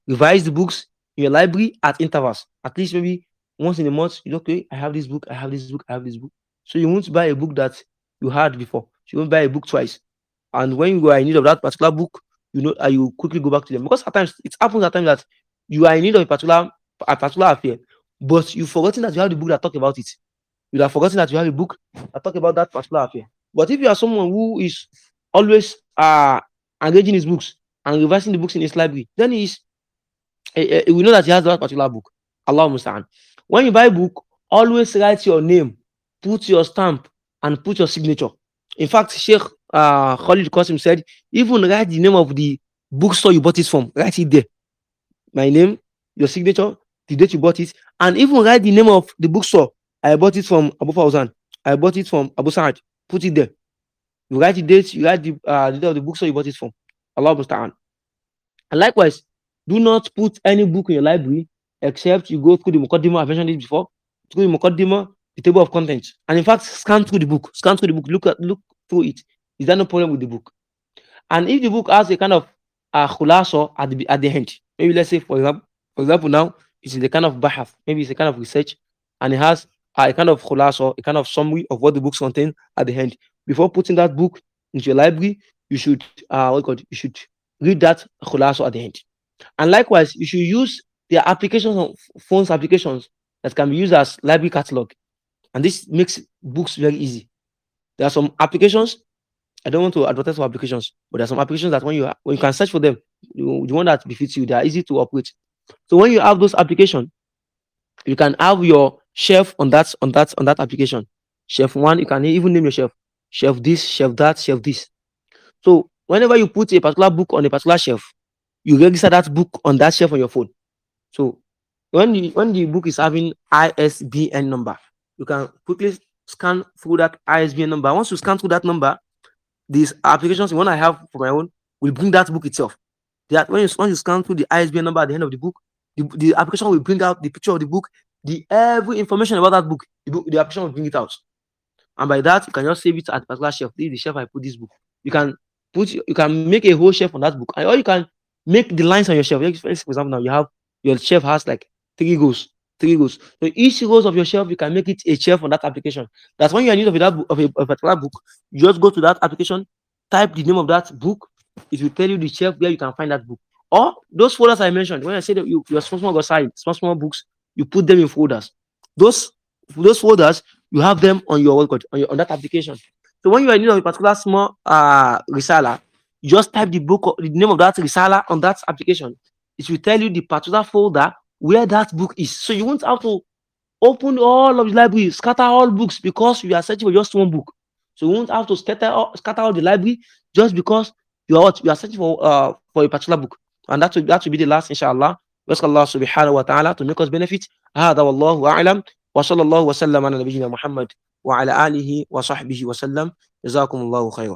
revise the books in your library at intervals, at least maybe once in a month. You know, okay, I have this book, I have this book, I have this book. So you won't buy a book that you had before. you won't buy a book twice. And when you are in need of that particular book, you know, you quickly go back to them because sometimes it happens at times that you are in need of a particular a particular affair, but you've forgotten that you have the book that talk about it. You have forgotten that you have a book that talk about that particular affair. But if you are someone who is always uh engaging his books and revising the books in his library, then he's is Eh, eh, we know that he has that particular book. Allah Musta'an. When you buy a book, always write your name, put your stamp, and put your signature. In fact, Sheikh uh, Khalid Qasim said, even write the name of the bookstore you bought it from. Write it there. My name, your signature, the date you bought it, and even write the name of the bookstore. I bought it from Abu Fawzan. I bought it from Abu Sa'ad. Put it there. You write the date, you write the, uh, the date of the bookstore you bought it from. Allah Musta'an. And likewise, do not put any book in your library except you go through the Mukaddima. I've mentioned this before. Through the Mukaddima, the table of contents. And in fact, scan through the book. Scan through the book. Look at look through it. Is there no problem with the book? And if the book has a kind of uh, khulaso at the at the end, maybe let's say for example, for example now it's the kind of bahaf, maybe it's a kind of research, and it has uh, a kind of khulaso, a kind of summary of what the books contain at the end. Before putting that book into your library, you should uh what God, you should read that khulaso at the end. And likewise, you should use the applications on phones applications that can be used as library catalog. And this makes books very easy. There are some applications. I don't want to advertise for applications, but there are some applications that when you when you can search for them, you, you want that befits you, they are easy to operate. So when you have those applications, you can have your shelf on that on that on that application. Shelf one, you can even name your shelf. Shelf this, shelf that, shelf this. So whenever you put a particular book on a particular shelf, you register that book on that shelf on your phone. So when the when the book is having ISBN number, you can quickly scan through that ISBN number. Once you scan through that number, these applications the one I have for my own will bring that book itself. That when you once you scan through the ISBN number at the end of the book, the, the application will bring out the picture of the book, the every information about that book, the, book, the application will bring it out. And by that, you can just save it at particular shelf. This is the shelf I put this book. You can put you can make a whole shelf on that book, and or you can Make the lines on your shelf. For example, now you have your shelf has like three rows, three rows. So each rows of your shelf, you can make it a shelf on that application. That's when you are in need of that book, of a, of a particular book. You just go to that application, type the name of that book. It will tell you the shelf where you can find that book. Or those folders I mentioned. When I said you, your small small small small books, you put them in folders. Those those folders, you have them on your on, your, on that application. So when you are in need of a particular small uh reseller, you just type the book, the name of that Risala on that application. It will tell you the particular folder where that book is. So you won't have to open all of the library, scatter all books because you are searching for just one book. So you won't have to scatter all, scatter all the library just because you are you are searching for uh, for a particular book. And that will that will be the last, inshallah. We Allah subhanahu wa ta'ala to make us benefit. هذا والله أعلم وصلى الله وسلم على نبينا محمد وعلى آله وصحبه وسلم جزاكم الله خيرا